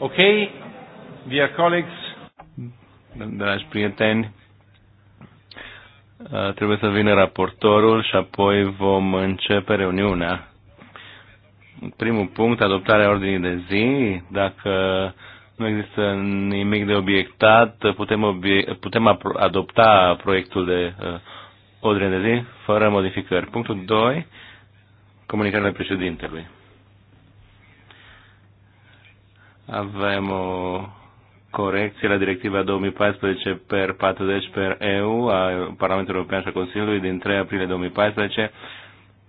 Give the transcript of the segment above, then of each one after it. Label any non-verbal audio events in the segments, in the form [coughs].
Ok, dear colleagues, dragi prieteni, uh, trebuie să vină raportorul și apoi vom începe reuniunea. Primul punct, adoptarea ordinii de zi. Dacă nu există nimic de obiectat, putem, obie- putem adopta proiectul de uh, ordine de zi fără modificări. Punctul 2, comunicarea președintelui. Avem o corecție la directiva 2014 per 40 per EU a Parlamentului European și a Consiliului din 3 aprilie 2014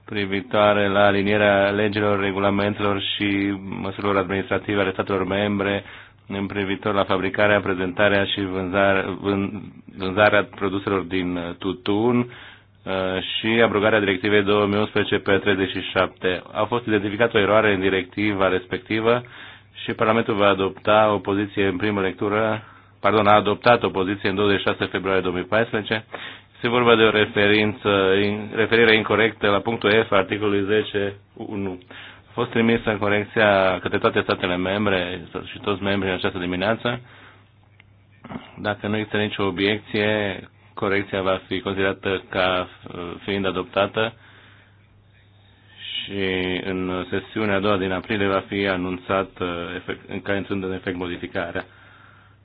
privitoare la alinierea legilor, regulamentelor și măsurilor administrative ale statelor membre în privitor la fabricarea, prezentarea și vânzarea, vânzarea produselor din tutun uh, și abrogarea directivei 2011 pe 37. A fost identificată o eroare în directiva respectivă și Parlamentul va adopta o poziție în primă lectură, pardon, a adoptat o poziție în 26 februarie 2014. Se vorba de o referință, referire incorrectă la punctul F articolului 10.1. A fost trimisă în corecția către toate statele membre și toți membrii în această dimineață. Dacă nu există nicio obiecție, corecția va fi considerată ca fiind adoptată și în sesiunea a doua din aprilie va fi anunțat uh, efect, ca intrând în efect modificarea.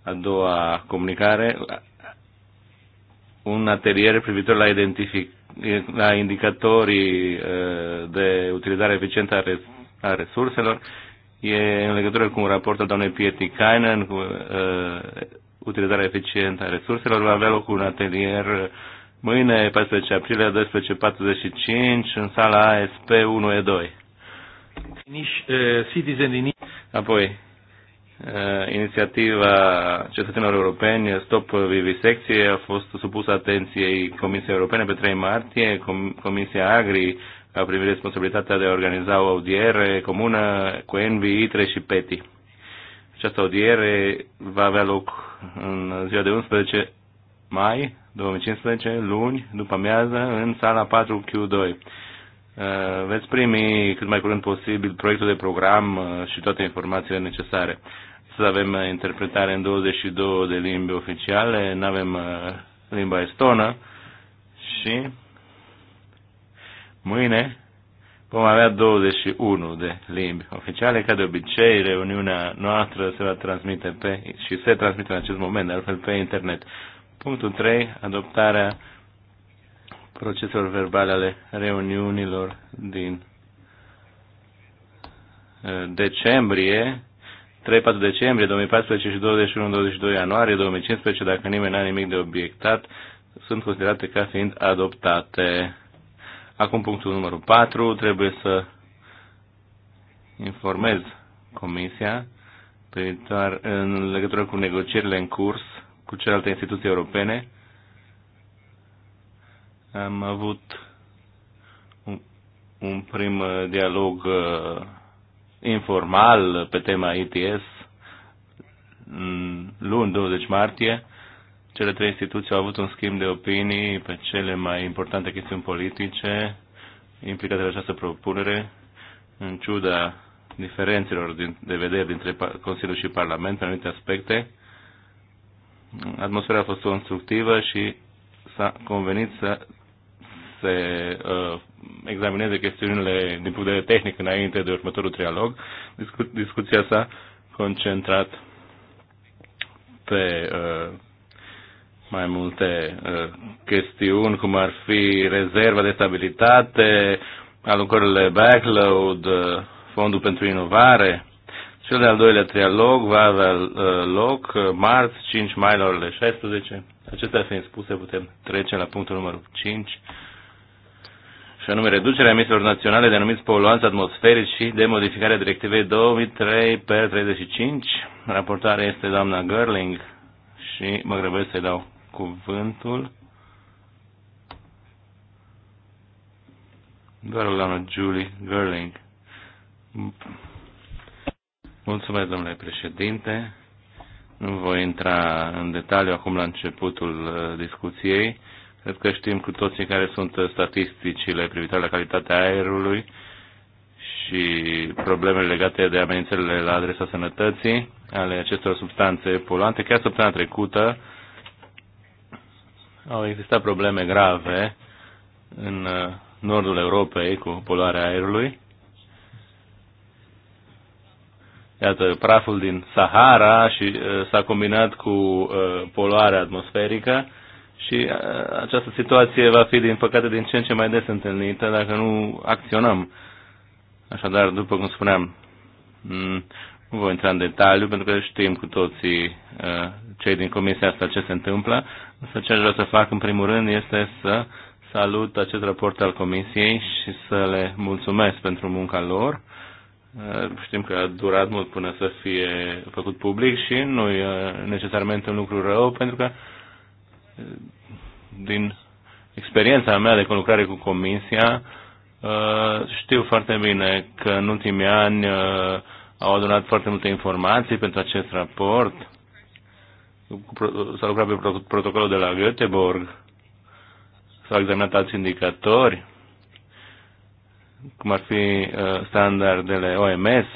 A doua comunicare, un atelier privitor la, identific, la indicatorii uh, de utilizare eficientă a, resurselor e în legătură cu un raport al doamnei Pieti Kainen cu uh, utilizarea eficientă a resurselor. Va avea loc un atelier uh, Mâine, 14 aprilie, 12.45, în sala ASP 1E2. Eh, Apoi, eh, inițiativa cetățenilor europeni Stop Vivisecție a fost supusă atenției Comisiei Europene pe 3 martie. Comisia Agri a primit responsabilitatea de a organiza o audiere comună cu Envi, ITRE și PETI. Această audiere va avea loc în ziua de 11 mai 2015, luni, după amiază, în sala 4Q2. Uh, veți primi cât mai curând posibil proiectul de program uh, și toate informațiile necesare. Să avem uh, interpretare în 22 de limbi oficiale, nu avem limba estonă și mâine vom avea 21 de limbi oficiale. Ca de obicei, reuniunea noastră se va transmite pe, și se transmite în acest moment, de altfel pe internet. Punctul 3. Adoptarea proceselor verbale ale reuniunilor din eh, decembrie, 3-4 decembrie 2014 și 21-22 ianuarie 2015, dacă nimeni n-a nimic de obiectat, sunt considerate ca fiind adoptate. Acum punctul numărul 4, trebuie să informez Comisia privitor în legătură cu negocierile în curs cu celelalte instituții europene. Am avut un, un prim uh, dialog uh, informal pe tema ITS luni 20 martie. Cele trei instituții au avut un schimb de opinii pe cele mai importante chestiuni politice implicate la această propunere, în ciuda diferențelor din, de vedere dintre Consiliul și Parlament în anumite aspecte atmosfera a fost constructivă și s-a convenit să se uh, examineze chestiunile din punct de vedere tehnic înainte de următorul trialog. Discu discuția s-a concentrat pe uh, mai multe uh, chestiuni, cum ar fi rezerva de stabilitate, alucările backload, uh, fondul pentru inovare, cel de-al doilea trialog va avea uh, loc uh, marți, 5 mai la orele 16. Acestea fiind spuse, putem trece la punctul numărul 5 și anume reducerea emisiilor naționale de anumiți poluanți atmosferici și de modificarea directivei 2003 35. Raportarea este doamna Gerling și mă grăbesc să-i dau cuvântul. Doar la doamna Julie Gerling. Mulțumesc, domnule președinte. Nu voi intra în detaliu acum la începutul uh, discuției. Cred că știm cu toții care sunt uh, statisticile privitoare la calitatea aerului și problemele legate de amenințările la adresa sănătății ale acestor substanțe poluante. Chiar săptămâna trecută au existat probleme grave în uh, nordul Europei cu poluarea aerului iată, praful din Sahara și uh, s-a combinat cu uh, poluarea atmosferică și uh, această situație va fi, din păcate, din ce în ce mai des întâlnită dacă nu acționăm. Așadar, după cum spuneam, nu voi intra în detaliu, pentru că știm cu toții uh, cei din comisia asta ce se întâmplă, însă ce aș vrea să fac în primul rând este să salut acest raport al comisiei și să le mulțumesc pentru munca lor Știm că a durat mult până să fie făcut public și nu e necesarmente un lucru rău, pentru că din experiența mea de conlucrare cu Comisia, știu foarte bine că în ultimii ani uh, au adunat foarte multe informații pentru acest raport. S-a lucrat pe protocolul de la Göteborg, s-au examinat alți indicatori cum ar fi uh, standardele OMS.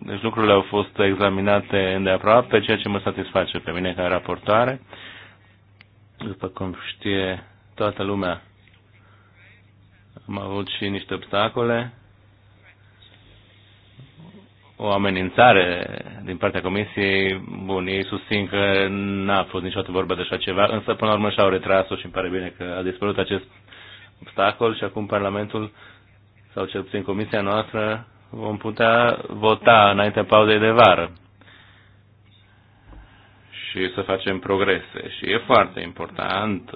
Deci lucrurile au fost examinate îndeaproape, ceea ce mă satisface pe mine ca raportoare. După cum știe toată lumea, am avut și niște obstacole, o amenințare din partea Comisiei. Bun, ei susțin că n-a fost niciodată vorba de așa ceva, însă până la urmă și-au retras-o și îmi pare bine că a dispărut acest obstacol și acum Parlamentul sau cel puțin comisia noastră, vom putea vota înaintea pauzei de vară și să facem progrese. Și e foarte important,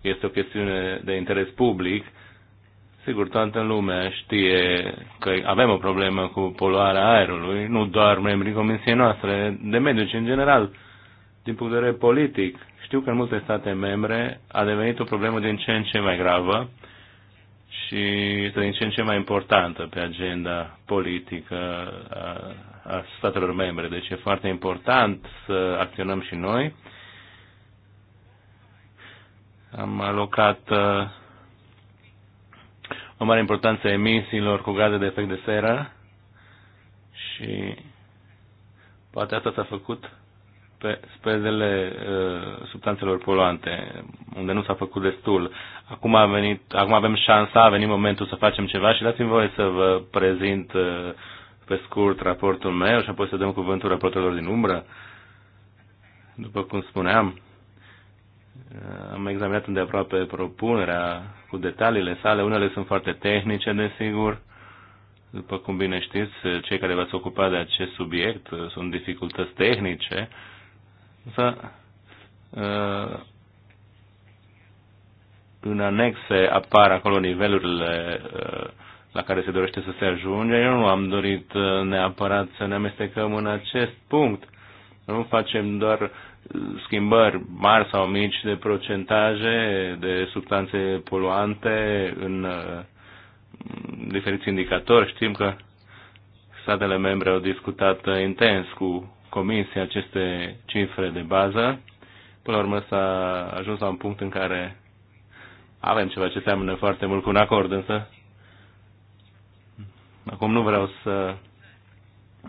este o chestiune de interes public. Sigur, toată lumea știe că avem o problemă cu poluarea aerului, nu doar membrii comisiei noastre, de mediu, ci în general, din punct de vedere politic. Știu că în multe state membre a devenit o problemă din ce în ce mai gravă și este din ce în ce mai importantă pe agenda politică a, a statelor membre. Deci e foarte important să acționăm și noi. Am alocat o mare importanță emisiilor cu gaze de efect de seră și poate asta s-a făcut pe spezele uh, substanțelor poluante, unde nu s-a făcut destul. Acum, a venit, acum avem șansa, a venit momentul să facem ceva și dați-mi voie să vă prezint uh, pe scurt raportul meu și apoi să dăm cuvântul raportelor din umbră. După cum spuneam, uh, am examinat îndeaproape propunerea cu detaliile sale. Unele sunt foarte tehnice, desigur. După cum bine știți, uh, cei care v-ați ocupat de acest subiect sunt dificultăți tehnice. Însă în anexe apar acolo nivelurile uh, la care se dorește să se ajunge. Eu nu am dorit uh, neapărat să ne amestecăm în acest punct. Nu facem doar uh, schimbări mari sau mici de procentaje de substanțe poluante în diferiți indicatori. Știm că statele membre au discutat intens cu Comisia aceste cifre de bază. Până la urmă s-a ajuns la un punct în care avem ceva ce seamănă foarte mult cu un acord, însă acum nu vreau să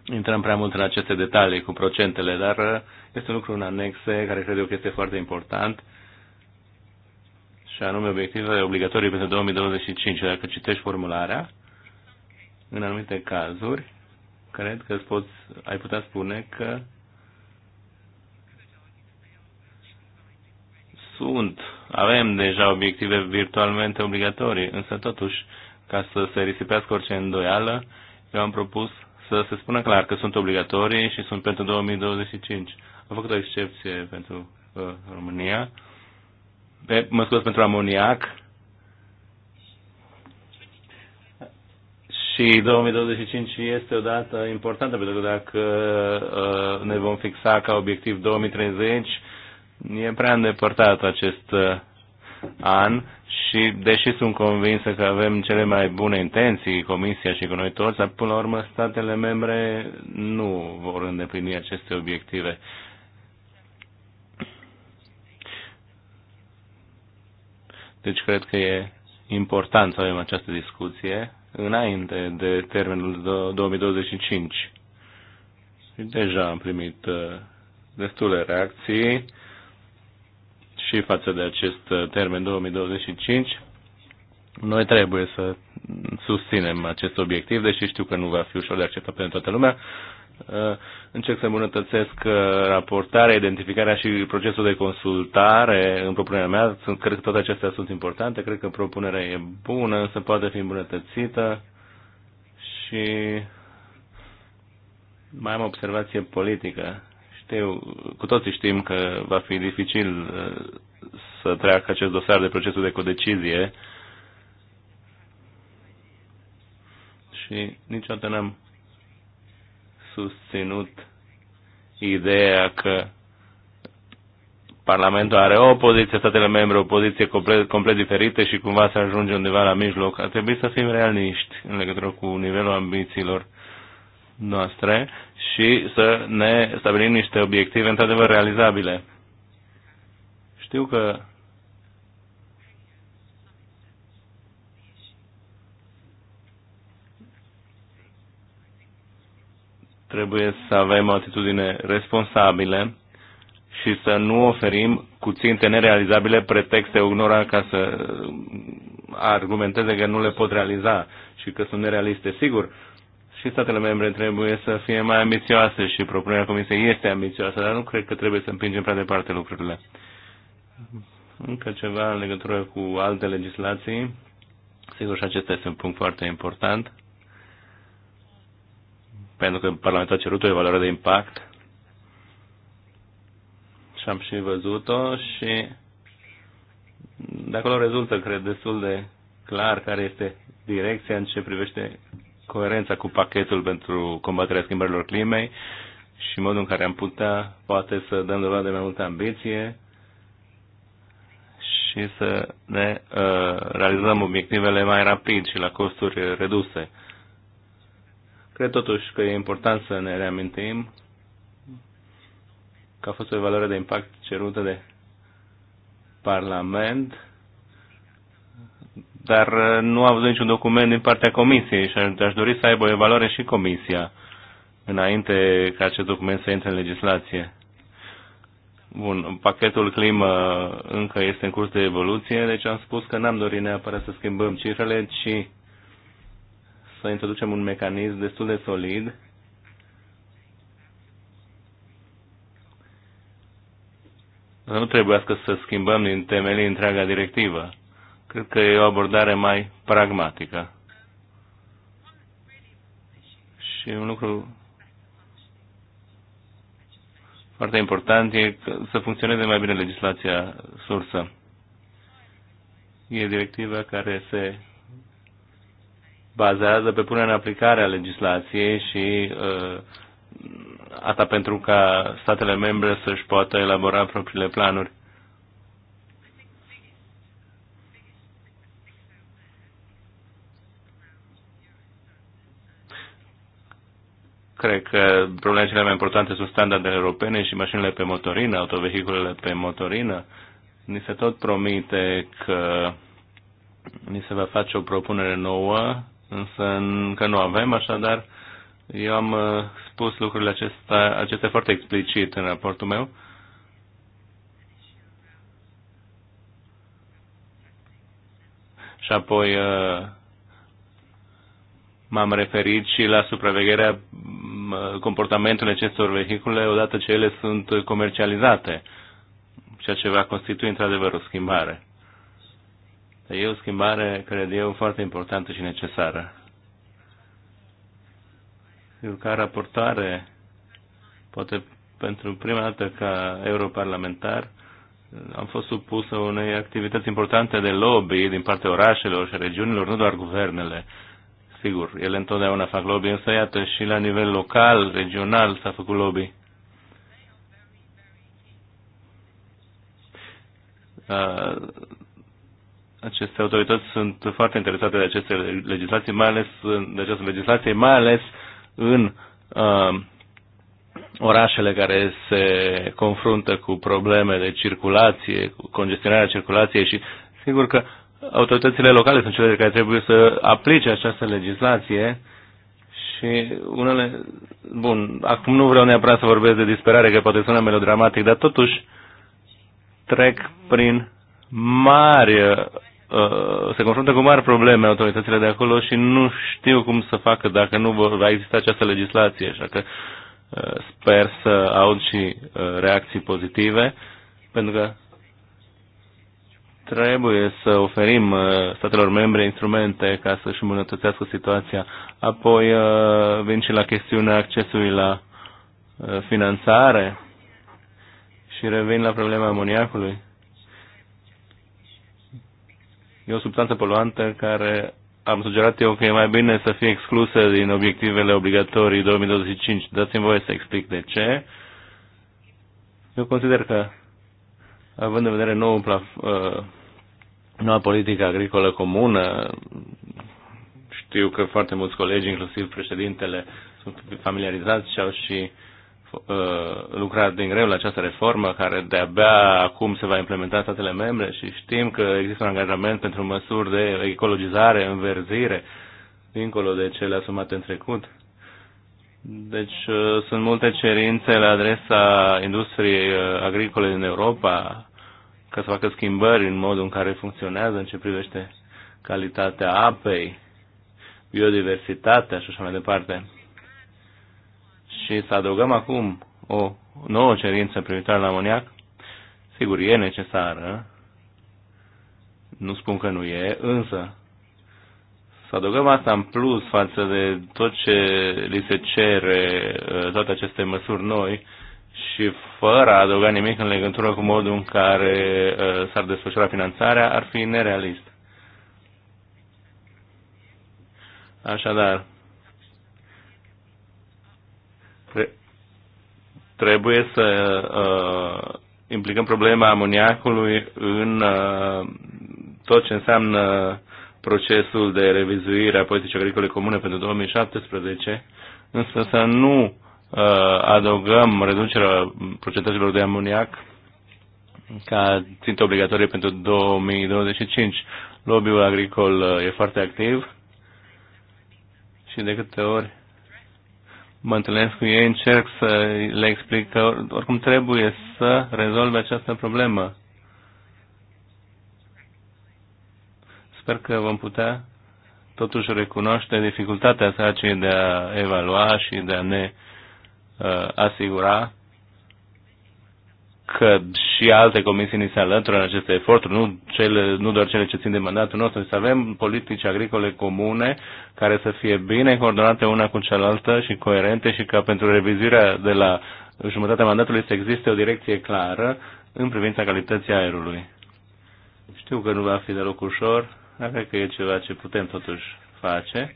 intrăm prea mult în aceste detalii cu procentele, dar uh, este un lucru în anexe care cred eu că este foarte important și anume obiectivele obligatorii pentru 2025. Dacă citești formularea, în anumite cazuri, cred că poți, ai putea spune că sunt, avem deja obiective virtualmente obligatorii, însă totuși, ca să se risipească orice îndoială, eu am propus să se spună clar că sunt obligatorii și sunt pentru 2025. Am făcut o excepție pentru uh, România, pe, mă scuz pentru amoniac, Și 2025 este o dată importantă, pentru că dacă uh, ne vom fixa ca obiectiv 2030, E prea îndepărtat acest uh, an și deși sunt convinsă că avem cele mai bune intenții, Comisia și cu noi toți, dar până la urmă statele membre nu vor îndeplini aceste obiective. Deci cred că e important să avem această discuție înainte de termenul 2025. deja am primit uh, destule reacții și față de acest uh, termen 2025. Noi trebuie să susținem acest obiectiv, deși știu că nu va fi ușor de acceptat pentru toată lumea. Uh, încerc să îmbunătățesc uh, raportarea, identificarea și procesul de consultare în propunerea mea. Sunt, cred că toate acestea sunt importante, cred că propunerea e bună, însă poate fi îmbunătățită și mai am observație politică știu, cu toții știm că va fi dificil uh, să treacă acest dosar de procesul de codecizie și niciodată n-am susținut ideea că Parlamentul are o poziție, statele membre o poziție complet, complet diferită și cumva se ajunge undeva la mijloc. Ar trebui să fim realiști în legătură cu nivelul ambițiilor noastre și să ne stabilim niște obiective într-adevăr realizabile. Știu că trebuie să avem o atitudine responsabilă și să nu oferim cuținte nerealizabile pretexte unora ca să argumenteze că nu le pot realiza și că sunt nerealiste. Sigur, și statele membre trebuie să fie mai ambițioase și propunerea Comisiei este ambițioasă, dar nu cred că trebuie să împingem prea departe lucrurile. Încă ceva în legătură cu alte legislații. Sigur, și acesta este un punct foarte important, pentru că Parlamentul a cerut o evaluare de impact și am și văzut-o și de acolo rezultă, cred, destul de clar care este direcția în ce privește coerența cu pachetul pentru combaterea schimbărilor climei și modul în care am putea, poate, să dăm dovadă de mai multă ambiție și să ne uh, realizăm obiectivele mai rapid și la costuri reduse. Cred totuși că e important să ne reamintim că a fost o evaluare de impact cerută de Parlament dar uh, nu am văzut niciun document din partea Comisiei și aș dori să aibă o evaluare și Comisia înainte ca acest document să intre în legislație. Bun, pachetul climă încă este în curs de evoluție, deci am spus că n-am dorit neapărat să schimbăm cifrele, ci să introducem un mecanism destul de solid nu trebuiască să schimbăm din temelii întreaga directivă. Cred că e o abordare mai pragmatică. Și un lucru foarte important e să funcționeze mai bine legislația sursă. E directiva care se bazează pe punerea în aplicare a legislației și uh, ă, asta pentru ca statele membre să-și poată elabora propriile planuri. Cred că problemele cele mai importante sunt standardele europene și mașinile pe motorină, autovehiculele pe motorină. Ni se tot promite că ni se va face o propunere nouă, însă încă nu avem, așadar eu am uh, spus lucrurile acestea, acestea foarte explicit în raportul meu. Și apoi uh, m-am referit și la supravegherea Uh, comportamentul acestor vehicule odată ce ele sunt comercializate, ceea ce va constitui într-adevăr o schimbare. E o schimbare, cred eu, foarte importantă și necesară. Eu, ca raportare, poate pentru prima dată ca europarlamentar, am fost supusă unei activități importante de lobby din partea orașelor și regiunilor, nu doar guvernele. Uh, Sigur, ele întotdeauna fac lobby, însă iată și la nivel local, regional s-a făcut lobby. Aceste autorități sunt foarte interesate de aceste legislații, mai ales de această legislație, mai ales în uh, orașele care se confruntă cu probleme de circulație, cu congestionarea circulației și sigur că uh, autoritățile locale sunt cele care trebuie să aplice această legislație și unele, bun, acum nu vreau neapărat să vorbesc de disperare, că poate sună melodramatic, dar totuși trec prin mari, uh, se confruntă cu mari probleme autoritățile de acolo și nu știu cum să facă dacă nu va exista această legislație, așa că uh, sper să aud și uh, reacții pozitive, pentru că trebuie să oferim uh, statelor membre instrumente ca să-și îmbunătățească situația. Apoi uh, vin și la chestiunea accesului la uh, finanțare și revin la problema amoniacului. E o substanță poluantă care am sugerat eu că e mai bine să fie exclusă din obiectivele obligatorii 2025. Dați-mi voie să explic de ce. Eu consider că având în vedere nou plaf, uh, Noua politică agricolă comună, știu că foarte mulți colegi, inclusiv președintele, sunt familiarizați și au și uh, lucrat din greu la această reformă care de-abia acum se va implementa în statele membre și știm că există un angajament pentru măsuri de ecologizare, înverzire, dincolo de cele asumate în trecut. Deci uh, sunt multe cerințe la adresa industriei uh, agricole din Europa, ca să facă schimbări în modul în care funcționează în ce privește calitatea apei, biodiversitatea și așa mai departe. Și să adăugăm acum o nouă cerință privitoare la amoniac, sigur, e necesară, nu spun că nu e, însă să adăugăm asta în plus față de tot ce li se cere, toate aceste măsuri noi, și fără a adăuga nimic în legătură cu modul în care uh, s-ar desfășura finanțarea, ar fi nerealist. Așadar, tre trebuie să uh, implicăm problema amoniacului în uh, tot ce înseamnă procesul de revizuire a politicii agricole comune pentru 2017, însă să nu Uh, adăugăm reducerea procentajelor de amoniac ca țintă obligatorie pentru 2025. Lobby-ul agricol uh, e foarte activ și de câte ori mă întâlnesc cu ei, încerc să le explic că oricum trebuie să rezolve această problemă. Sper că vom putea totuși recunoaște dificultatea aceea de a evalua și de a ne uh, Uh, asigura că și alte comisii ni se alătură în aceste eforturi, nu, cele, nu doar cele ce țin de mandatul nostru, să avem politici agricole comune care să fie bine coordonate una cu cealaltă și coerente și ca pentru revizuirea de la jumătatea mandatului să existe o direcție clară în privința calității aerului. Știu că nu va fi deloc ușor, dar cred că e ceva ce putem totuși face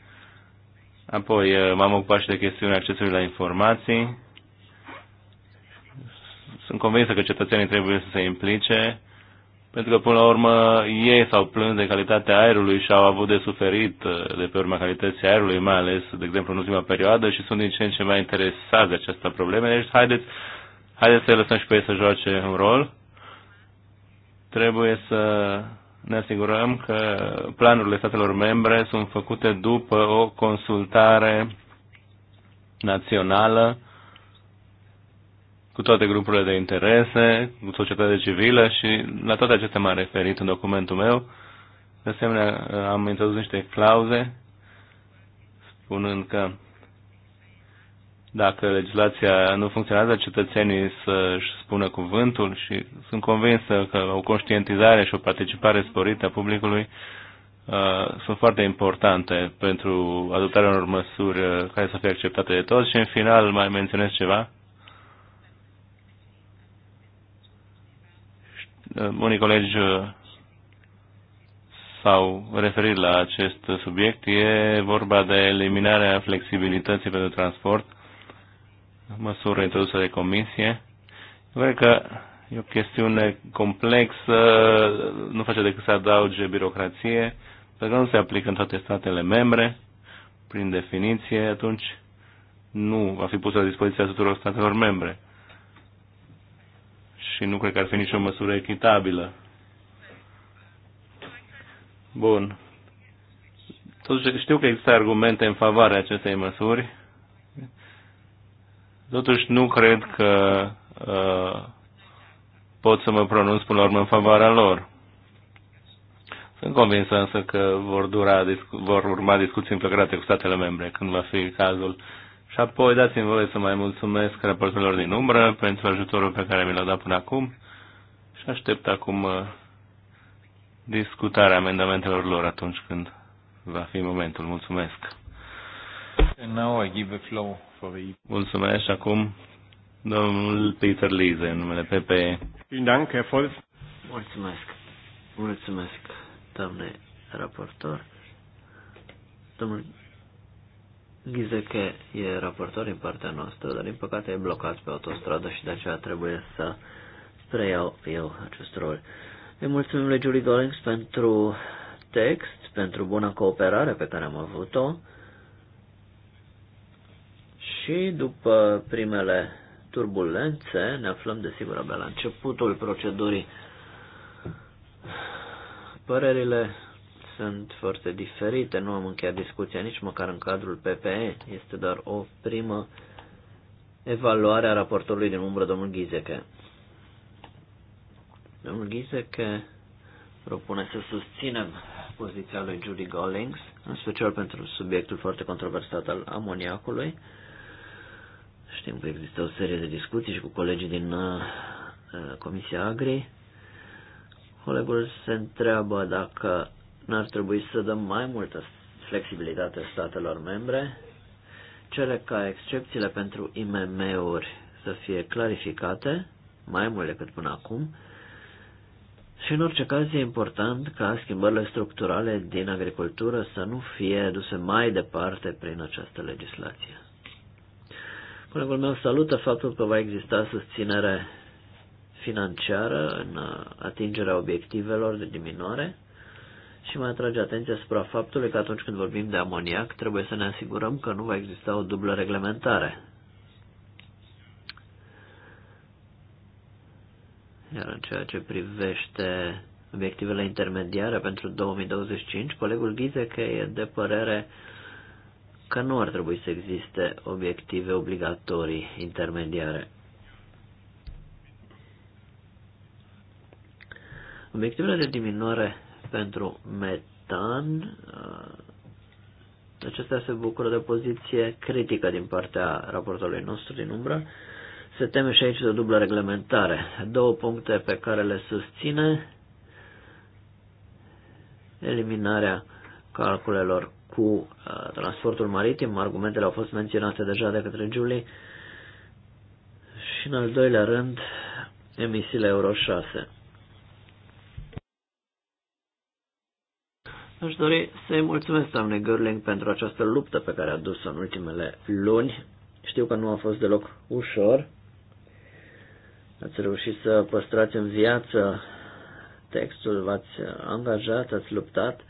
Apoi uh, m-am ocupat și de chestiunea accesului la informații. Sunt convinsă că cetățenii trebuie să se implice, pentru că, până la urmă, ei s-au plâns de calitatea aerului și au avut de suferit uh, de pe urma calității aerului, mai ales, de exemplu, în ultima perioadă și sunt din ce în ce mai interesați de această problemă. Deci, haideți, haideți să lăsăm și pe ei să joace un rol. Trebuie să ne asigurăm că planurile statelor membre sunt făcute după o consultare națională cu toate grupurile de interese, cu societatea civilă și la toate acestea m-am referit în documentul meu. De asemenea, am introdus niște clauze spunând că dacă legislația nu funcționează, cetățenii să-și spună cuvântul și sunt convins că o conștientizare și o participare sporită a publicului uh, sunt foarte importante pentru adoptarea unor măsuri uh, care să fie acceptate de toți și în final mai menționez ceva. Uh, unii colegi uh, s-au referit la acest subiect. E vorba de eliminarea flexibilității pentru transport măsură introdusă de comisie. Cred că e o chestiune complexă, nu face decât să adauge birocrație, pentru că nu se aplică în toate statele membre, prin definiție, atunci nu va fi pusă la dispoziția tuturor statelor membre. Și nu cred că ar fi nicio măsură echitabilă. Bun. Totuși știu că există argumente în favoarea acestei măsuri Totuși nu cred că uh, pot să mă pronunț până la urmă în favoarea lor. Sunt convins însă că vor, dura, vor urma discuții împlăcărate cu statele membre când va fi cazul. Și apoi dați-mi voie să mai mulțumesc raportelor din umbră pentru ajutorul pe care mi l-au dat până acum și aștept acum uh, discutarea amendamentelor lor atunci când va fi momentul. Mulțumesc! And now I give the floor Mulțumesc acum domnul Peter Lise, în numele PPE. Mulțumesc. Mulțumesc, domnule raportor. Domnul Ghize e raportor în partea noastră, dar din păcate e blocat pe autostradă și de aceea trebuie să preiau eu acest rol. Îi mulțumim lui Julie Gollings pentru text, pentru buna cooperare pe care am avut-o. Și după primele turbulențe, ne aflăm desigur abia la începutul procedurii. Părerile sunt foarte diferite, nu am încheiat discuția nici măcar în cadrul PPE, este doar o primă evaluare a raportului din umbră, domnul Ghizeche. Domnul Ghizeche propune să susținem poziția lui Judy Gollings, în special pentru subiectul foarte controversat al amoniacului, Știm că există o serie de discuții și cu colegii din uh, uh, Comisia Agri. Colegul se întreabă dacă n-ar trebui să dăm mai multă flexibilitate statelor membre, cele ca excepțiile pentru IMM-uri să fie clarificate, mai mult decât până acum, și în orice caz e important ca schimbările structurale din agricultură să nu fie duse mai departe prin această legislație. Colegul meu salută faptul că va exista susținere financiară în atingerea obiectivelor de diminuare și mai atrage atenția asupra faptului că atunci când vorbim de amoniac trebuie să ne asigurăm că nu va exista o dublă reglementare. Iar în ceea ce privește obiectivele intermediare pentru 2025, colegul Ghizec e de părere că nu ar trebui să existe obiective obligatorii intermediare. Obiectivele de diminuare pentru metan, uh, acestea se bucură de o poziție critică din partea raportului nostru din umbră. Se teme și aici de o dublă reglementare. Două puncte pe care le susține eliminarea calculelor cu uh, transportul maritim, argumentele au fost menționate deja de către Julie, și în al doilea rând emisiile Euro 6. Aș dori să-i mulțumesc, doamne Gerling, pentru această luptă pe care a dus-o în ultimele luni. Știu că nu a fost deloc ușor. Ați reușit să păstrați în viață textul, v-ați angajat, ați luptat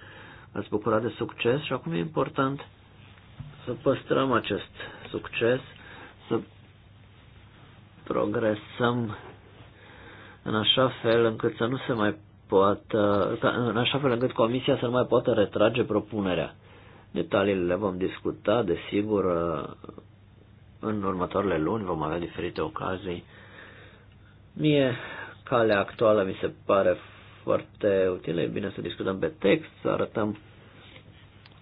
ați bucurat de succes și acum e important să păstrăm acest succes, să progresăm în așa fel încât să nu se mai poată, în așa fel încât comisia să nu mai poată retrage propunerea. Detaliile le vom discuta, desigur, în următoarele luni vom avea diferite ocazii. Mie calea actuală mi se pare foarte utile. E bine să discutăm pe text, să arătăm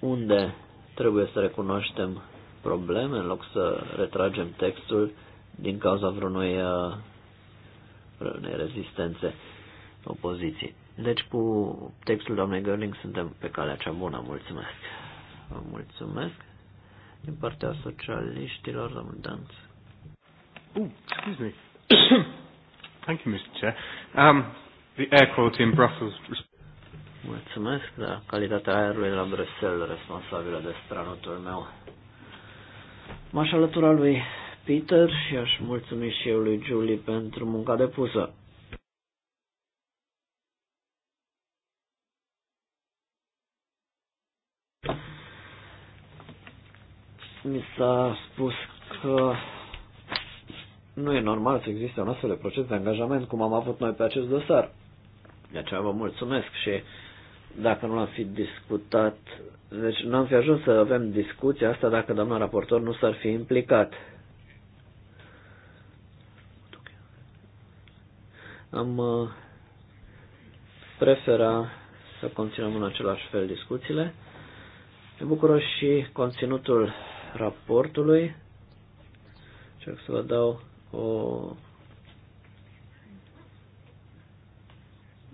unde trebuie să recunoaștem probleme în loc să retragem textul din cauza vreunui, uh, vreunei rezistențe opoziții. Deci cu textul doamnei Görling suntem pe calea cea bună. Mulțumesc! Vă mulțumesc! Din partea socialiștilor, domnul Danț. Uh, excuse me. [coughs] Thank you, Mr. Chair. Um, The air quality in Brussels. Mulțumesc, da, calitatea aerului la Bruxelles, responsabilă de stranotul meu. M-aș alătura lui Peter și aș mulțumi și eu lui Julie pentru munca depusă. Mi s-a spus că nu e normal să existe un astfel de proces de angajament cum am avut noi pe acest dosar. De aceea vă mulțumesc și dacă nu l-am fi discutat, deci nu am fi ajuns să avem discuția asta dacă doamna raportor nu s-ar fi implicat. Am uh, prefera să continuăm în același fel discuțiile. Ne bucură și conținutul raportului. Încerc să vă dau o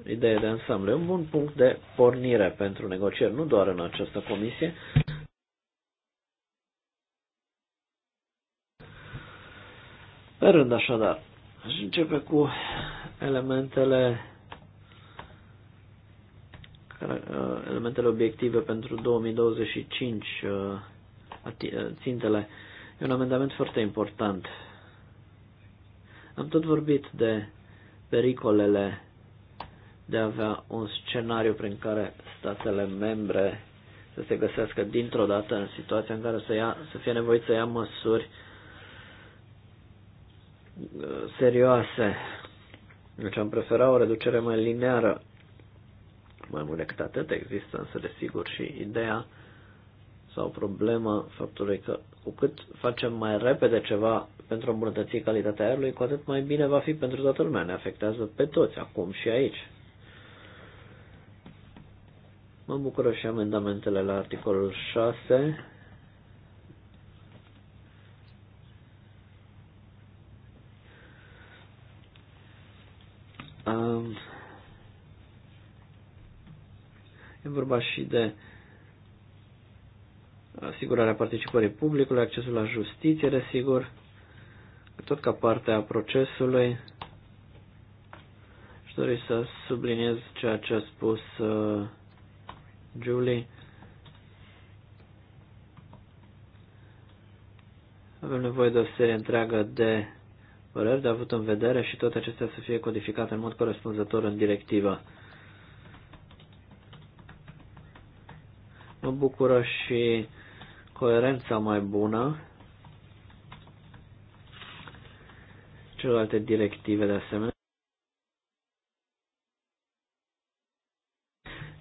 idee de ansamblu. E un bun punct de pornire pentru negocieri, nu doar în această comisie. Pe rând, așadar, aș începe cu elementele uh, elementele obiective pentru 2025, uh, uh, țintele. E un amendament foarte important. Am tot vorbit de pericolele de a avea un scenariu prin care statele membre să se găsească dintr-o dată în situația în care să, ia, să fie nevoit să ia măsuri uh, serioase. Deci am prefera o reducere mai lineară. Mai mult decât atât există însă desigur și ideea sau problema faptului că cu cât facem mai repede ceva pentru a îmbunătăți calitatea aerului, cu atât mai bine va fi pentru toată lumea. Ne afectează pe toți, acum și aici. Mă bucură și amendamentele la articolul 6. e vorba și de asigurarea participării publicului, accesul la justiție, desigur, tot ca parte a procesului. Și doresc să subliniez ceea ce a spus uh, Julie. Avem nevoie de o serie întreagă de părări de avut în vedere și toate acestea să fie codificate în mod corespunzător în directivă. Mă bucură și coerența mai bună celelalte directive de asemenea.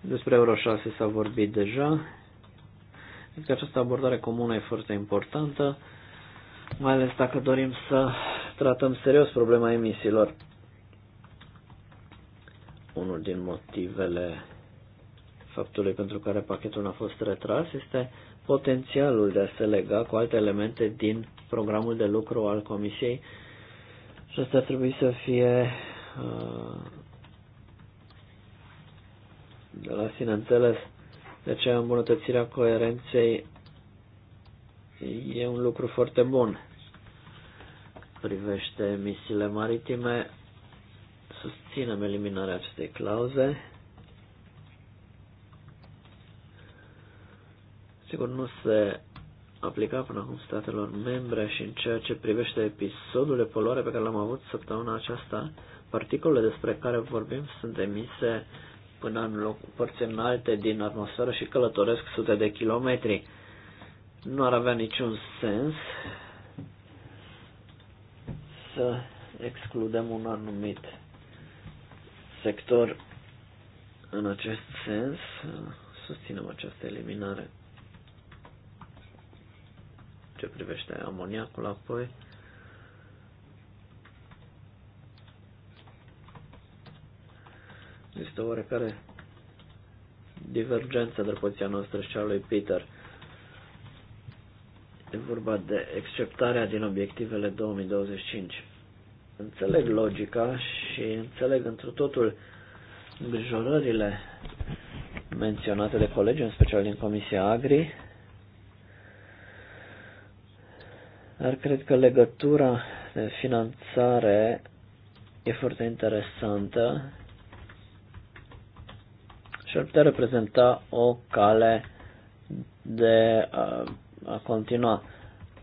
Despre Euro 6 s-a vorbit deja. Cred că această abordare comună e foarte importantă, mai ales dacă dorim să tratăm serios problema emisiilor. Unul din motivele faptului pentru care pachetul a fost retras este potențialul de a se lega cu alte elemente din programul de lucru al Comisiei și asta trebuie să fie uh, de la sine înțeles. De aceea îmbunătățirea coerenței e un lucru foarte bun. Privește misiile maritime, susținem eliminarea acestei clauze. Sigur, nu se aplica până acum statelor membre și în ceea ce privește episodul de poluare pe care l-am avut săptămâna aceasta, particulele despre care vorbim sunt emise până în loc, părți înalte din atmosferă și călătoresc sute de kilometri. Nu ar avea niciun sens să excludem un anumit sector în acest sens. Susținem această eliminare. Ce privește amoniacul apoi, Este o oarecare divergență de poziția noastră și a lui Peter. E vorba de acceptarea din obiectivele 2025. Înțeleg logica și înțeleg într totul îngrijorările menționate de colegi, în special din Comisia Agri, dar cred că legătura de finanțare e foarte interesantă și ar putea reprezenta o cale de a, a continua.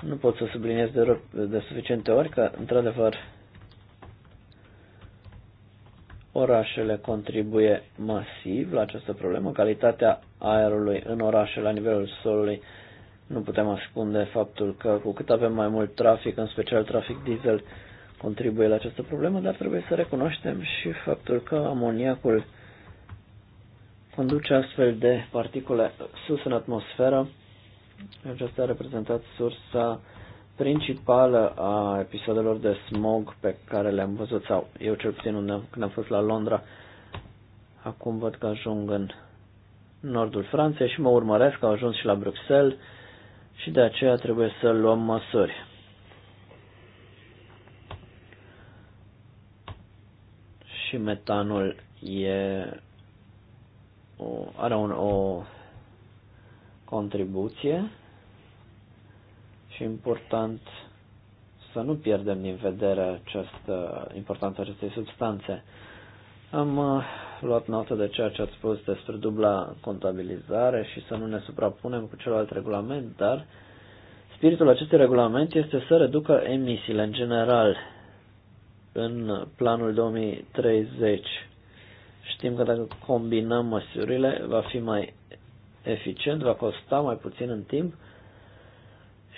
Nu pot să subliniez de, de suficiente ori că, într-adevăr, orașele contribuie masiv la această problemă. Calitatea aerului în orașe la nivelul solului nu putem ascunde faptul că cu cât avem mai mult trafic, în special trafic diesel, contribuie la această problemă, dar trebuie să recunoaștem și faptul că amoniacul conduce astfel de particule sus în atmosferă. Aceasta a reprezentat sursa principală a episodelor de smog pe care le-am văzut, sau eu cel puțin când am fost la Londra. Acum văd că ajung în nordul Franței și mă urmăresc, au ajuns și la Bruxelles și de aceea trebuie să luăm măsuri. Și metanul e o, are un, o contribuție și important să nu pierdem din vedere această importanța acestei substanțe. Am uh, luat notă de ceea ce ați spus despre dubla contabilizare și să nu ne suprapunem cu celălalt regulament, dar spiritul acestui regulament este să reducă emisiile în general în planul 2030 Știm că dacă combinăm măsurile, va fi mai eficient, va costa mai puțin în timp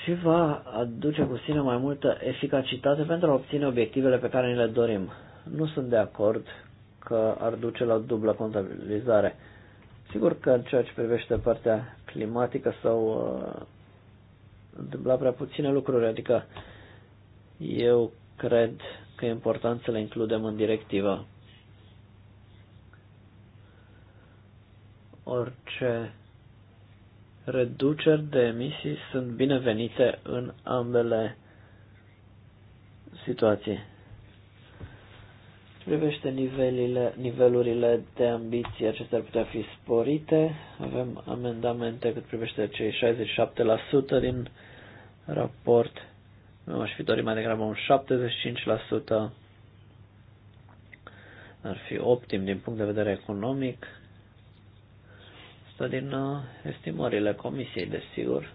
și va aduce cu sine mai multă eficacitate pentru a obține obiectivele pe care ni le dorim. Nu sunt de acord că ar duce la dublă contabilizare. Sigur că în ceea ce privește partea climatică s-au uh, întâmplat prea puține lucruri, adică eu cred că e important să le includem în directivă. Orice reduceri de emisii sunt binevenite în ambele situații. Privește nivelile, nivelurile de ambiție, acestea ar putea fi sporite. Avem amendamente cât privește cei 67% din raport. Eu aș fi dorit mai degrabă un 75%. Ar fi optim din punct de vedere economic. Asta din uh, estimările comisiei, desigur.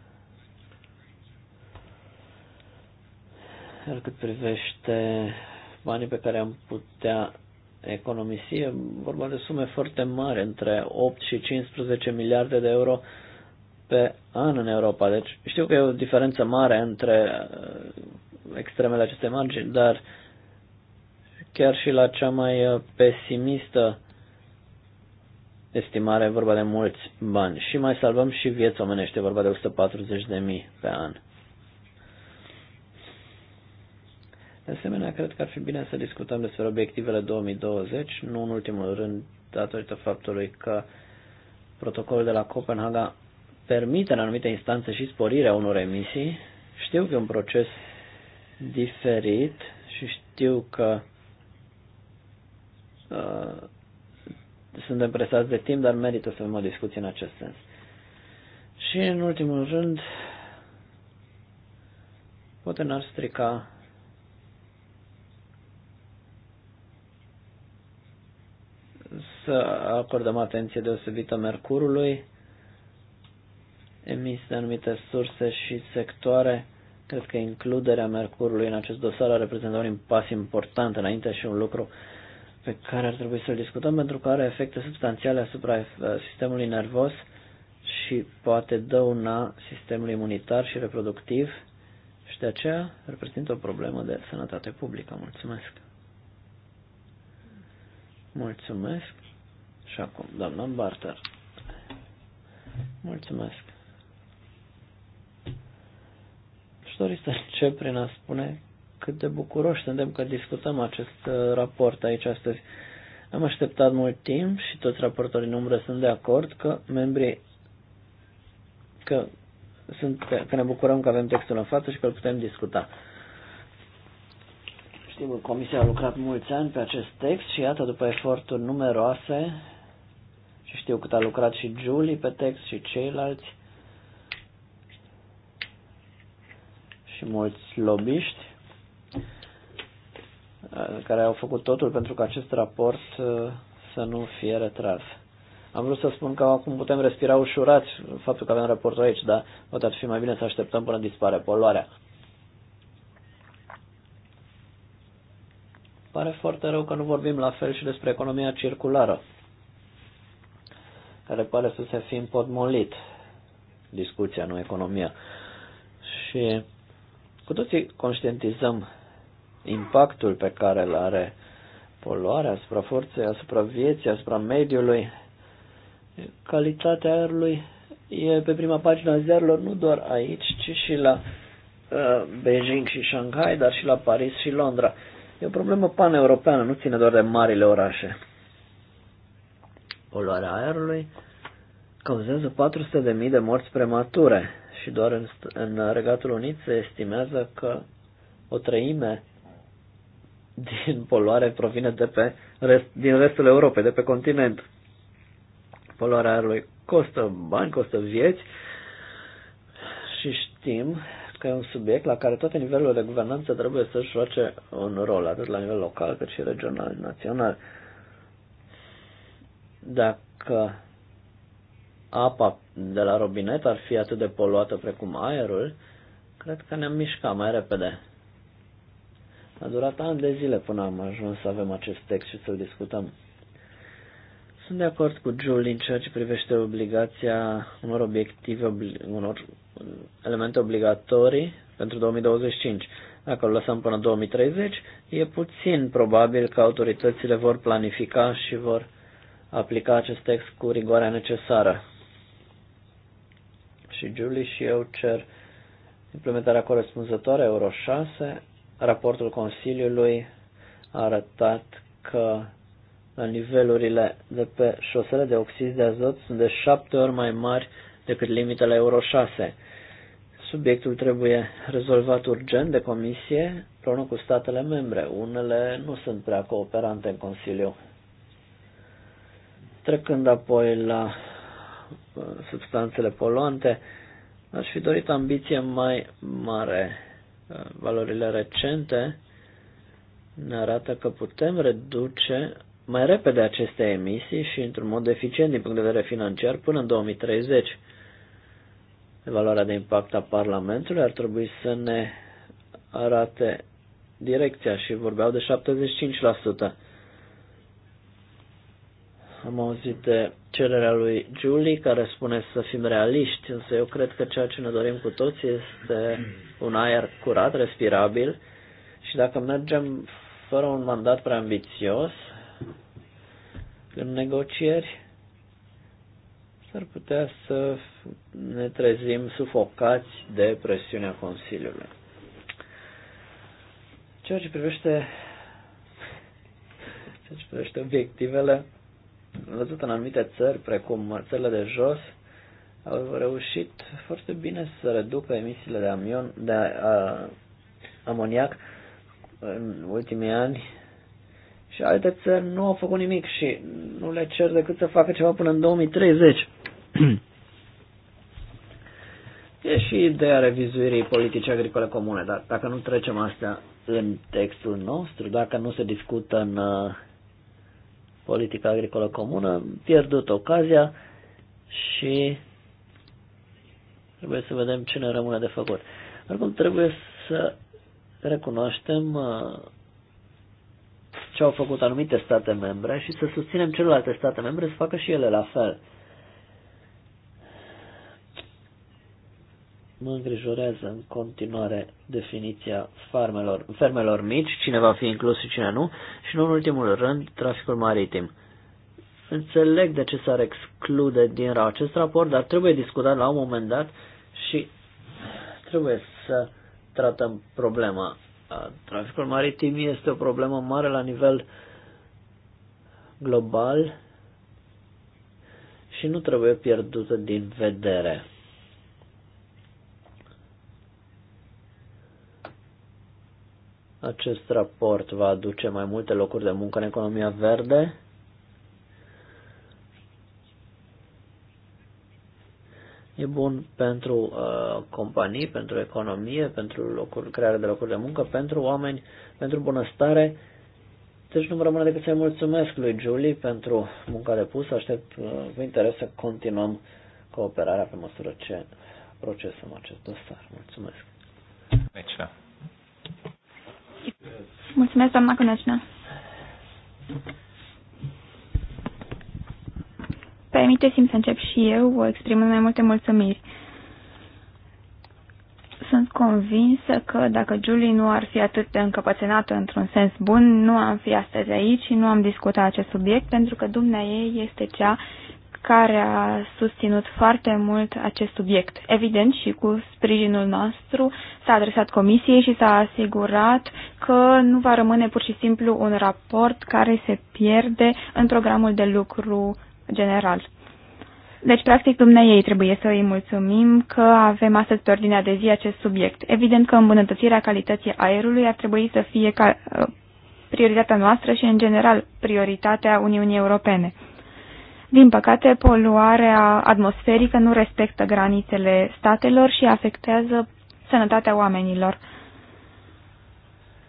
Iar cât privește banii pe care am putea economisi, e vorba de sume foarte mari, între 8 și 15 miliarde de euro pe an în Europa. Deci știu că e o diferență mare între uh, extremele acestei margini, dar chiar și la cea mai uh, pesimistă estimare, vorba de mulți bani. Și mai salvăm și vieți omenești, vorba de 140.000 pe an. De asemenea, cred că ar fi bine să discutăm despre obiectivele 2020, nu în ultimul rând datorită faptului că protocolul de la Copenhaga permite în anumite instanțe și sporirea unor emisii. Știu că e un proces diferit și știu că uh, sunt presați de timp, dar merită să avem o discuție în acest sens. Și în ultimul rând, poate n-ar strica să acordăm atenție deosebită Mercurului, emis de anumite surse și sectoare. Cred că includerea Mercurului în acest dosar a reprezentat un pas important înainte și un lucru uh, pe care ar trebui să-l discutăm pentru că are efecte substanțiale asupra uh, sistemului nervos și poate dăuna sistemul imunitar și reproductiv și de aceea reprezintă o problemă de sănătate publică. Mulțumesc! Mulțumesc! Și acum, doamna Barter. Mulțumesc! Și dori să încep prin a spune cât de bucuroși suntem că discutăm acest uh, raport aici astăzi. Am așteptat mult timp și toți raportorii în umbră sunt de acord că membrii că, sunt, că ne bucurăm că avem textul în față și că îl putem discuta. Știm că Comisia a lucrat mulți ani pe acest text și iată, după eforturi numeroase, și știu cât a lucrat și Julie pe text și ceilalți, și mulți lobiști, care au făcut totul pentru ca acest raport uh, să nu fie retras. Am vrut să spun că acum putem respira ușurați faptul că avem raportul aici, dar poate ar fi mai bine să așteptăm până dispare poluarea. Pare foarte rău că nu vorbim la fel și despre economia circulară, care pare să se fi împotmolit discuția, nu economia. Și cu toții conștientizăm impactul pe care îl are poluarea asupra forței, asupra vieții, asupra mediului. Calitatea aerului e pe prima pagină a ziarilor, nu doar aici, ci și la uh, Beijing și Shanghai, dar și la Paris și Londra. E o problemă paneuropeană, nu ține doar de marile orașe. Poluarea aerului cauzează 400.000 de morți premature și doar în, în Regatul Unit se estimează că o treime din poluare provine de pe rest, din restul Europei, de pe continent. Poluarea aerului costă bani, costă vieți și știm că e un subiect la care toate nivelurile de guvernanță trebuie să-și joace un rol, atât la nivel local cât și regional, național. Dacă apa de la robinet ar fi atât de poluată precum aerul, cred că ne-am mișcat mai repede. A durat ani de zile până am ajuns să avem acest text și să-l discutăm. Sunt de acord cu Julie în ceea ce privește obligația unor obiective, unor elemente obligatorii pentru 2025. Dacă o lăsăm până 2030, e puțin probabil că autoritățile vor planifica și vor aplica acest text cu rigoarea necesară. Și Julie și eu cer implementarea corespunzătoare Euro 6 raportul Consiliului a arătat că la nivelurile de pe șosele de oxid de azot sunt de șapte ori mai mari decât limitele Euro 6. Subiectul trebuie rezolvat urgent de comisie împreună cu statele membre. Unele nu sunt prea cooperante în Consiliu. Trecând apoi la uh, substanțele poluante, aș fi dorit ambiție mai mare valorile recente ne arată că putem reduce mai repede aceste emisii și într-un mod eficient din punct de vedere financiar până în 2030. Evaluarea de impact a Parlamentului ar trebui să ne arate direcția și vorbeau de 75%. Am auzit de cererea lui Julie care spune să fim realiști, însă eu cred că ceea ce ne dorim cu toții este un aer curat, respirabil și dacă mergem fără un mandat prea ambițios în negocieri, s-ar putea să ne trezim sufocați de presiunea Consiliului. Ceea ce privește ceea ce privește obiectivele, am văzut în anumite țări, precum țările de jos, au reușit foarte bine să reducă emisiile de, amion, de a, amoniac în ultimii ani și alte țări nu au făcut nimic și nu le cer decât să facă ceva până în 2030. [clears throat] e și ideea revizuirii politice agricole comune, dar dacă nu trecem astea în textul nostru, dacă nu se discută în uh, politica agricolă comună, pierdut ocazia și trebuie să vedem ce ne rămâne de făcut. Acum trebuie să recunoaștem uh, ce au făcut anumite state membre și să susținem celelalte state membre să facă și ele la fel. mă îngrijorează în continuare definiția farmelor, fermelor mici, cine va fi inclus și cine nu, și nu în ultimul rând traficul maritim. Înțeleg de ce s-ar exclude din acest raport, dar trebuie discutat la un moment dat și trebuie să tratăm problema. Traficul maritim este o problemă mare la nivel global și nu trebuie pierdută din vedere. Acest raport va aduce mai multe locuri de muncă în economia verde. E bun pentru uh, companii, pentru economie, pentru locuri, crearea de locuri de muncă, pentru oameni, pentru bunăstare. Deci nu-mi rămâne decât să-i mulțumesc lui Julie pentru munca depusă. Aștept uh, cu interes să continuăm cooperarea pe măsură ce procesăm acest dosar. Mulțumesc! Aici. Da. Mulțumesc, doamna Cunecina. Permiteți-mi să încep și eu exprim mai multe mulțumiri. Sunt convinsă că dacă Julie nu ar fi atât de încăpățenată într-un sens bun, nu am fi astăzi aici și nu am discutat acest subiect, pentru că dumnea ei este cea care a susținut foarte mult acest subiect. Evident și cu sprijinul nostru s-a adresat comisiei și s-a asigurat că nu va rămâne pur și simplu un raport care se pierde în programul de lucru general. Deci, practic, dumneai trebuie să îi mulțumim că avem astăzi pe ordinea de zi acest subiect. Evident că îmbunătățirea calității aerului ar trebui să fie ca, uh, prioritatea noastră și, în general, prioritatea Uniunii Europene. Din păcate, poluarea atmosferică nu respectă granițele statelor și afectează sănătatea oamenilor.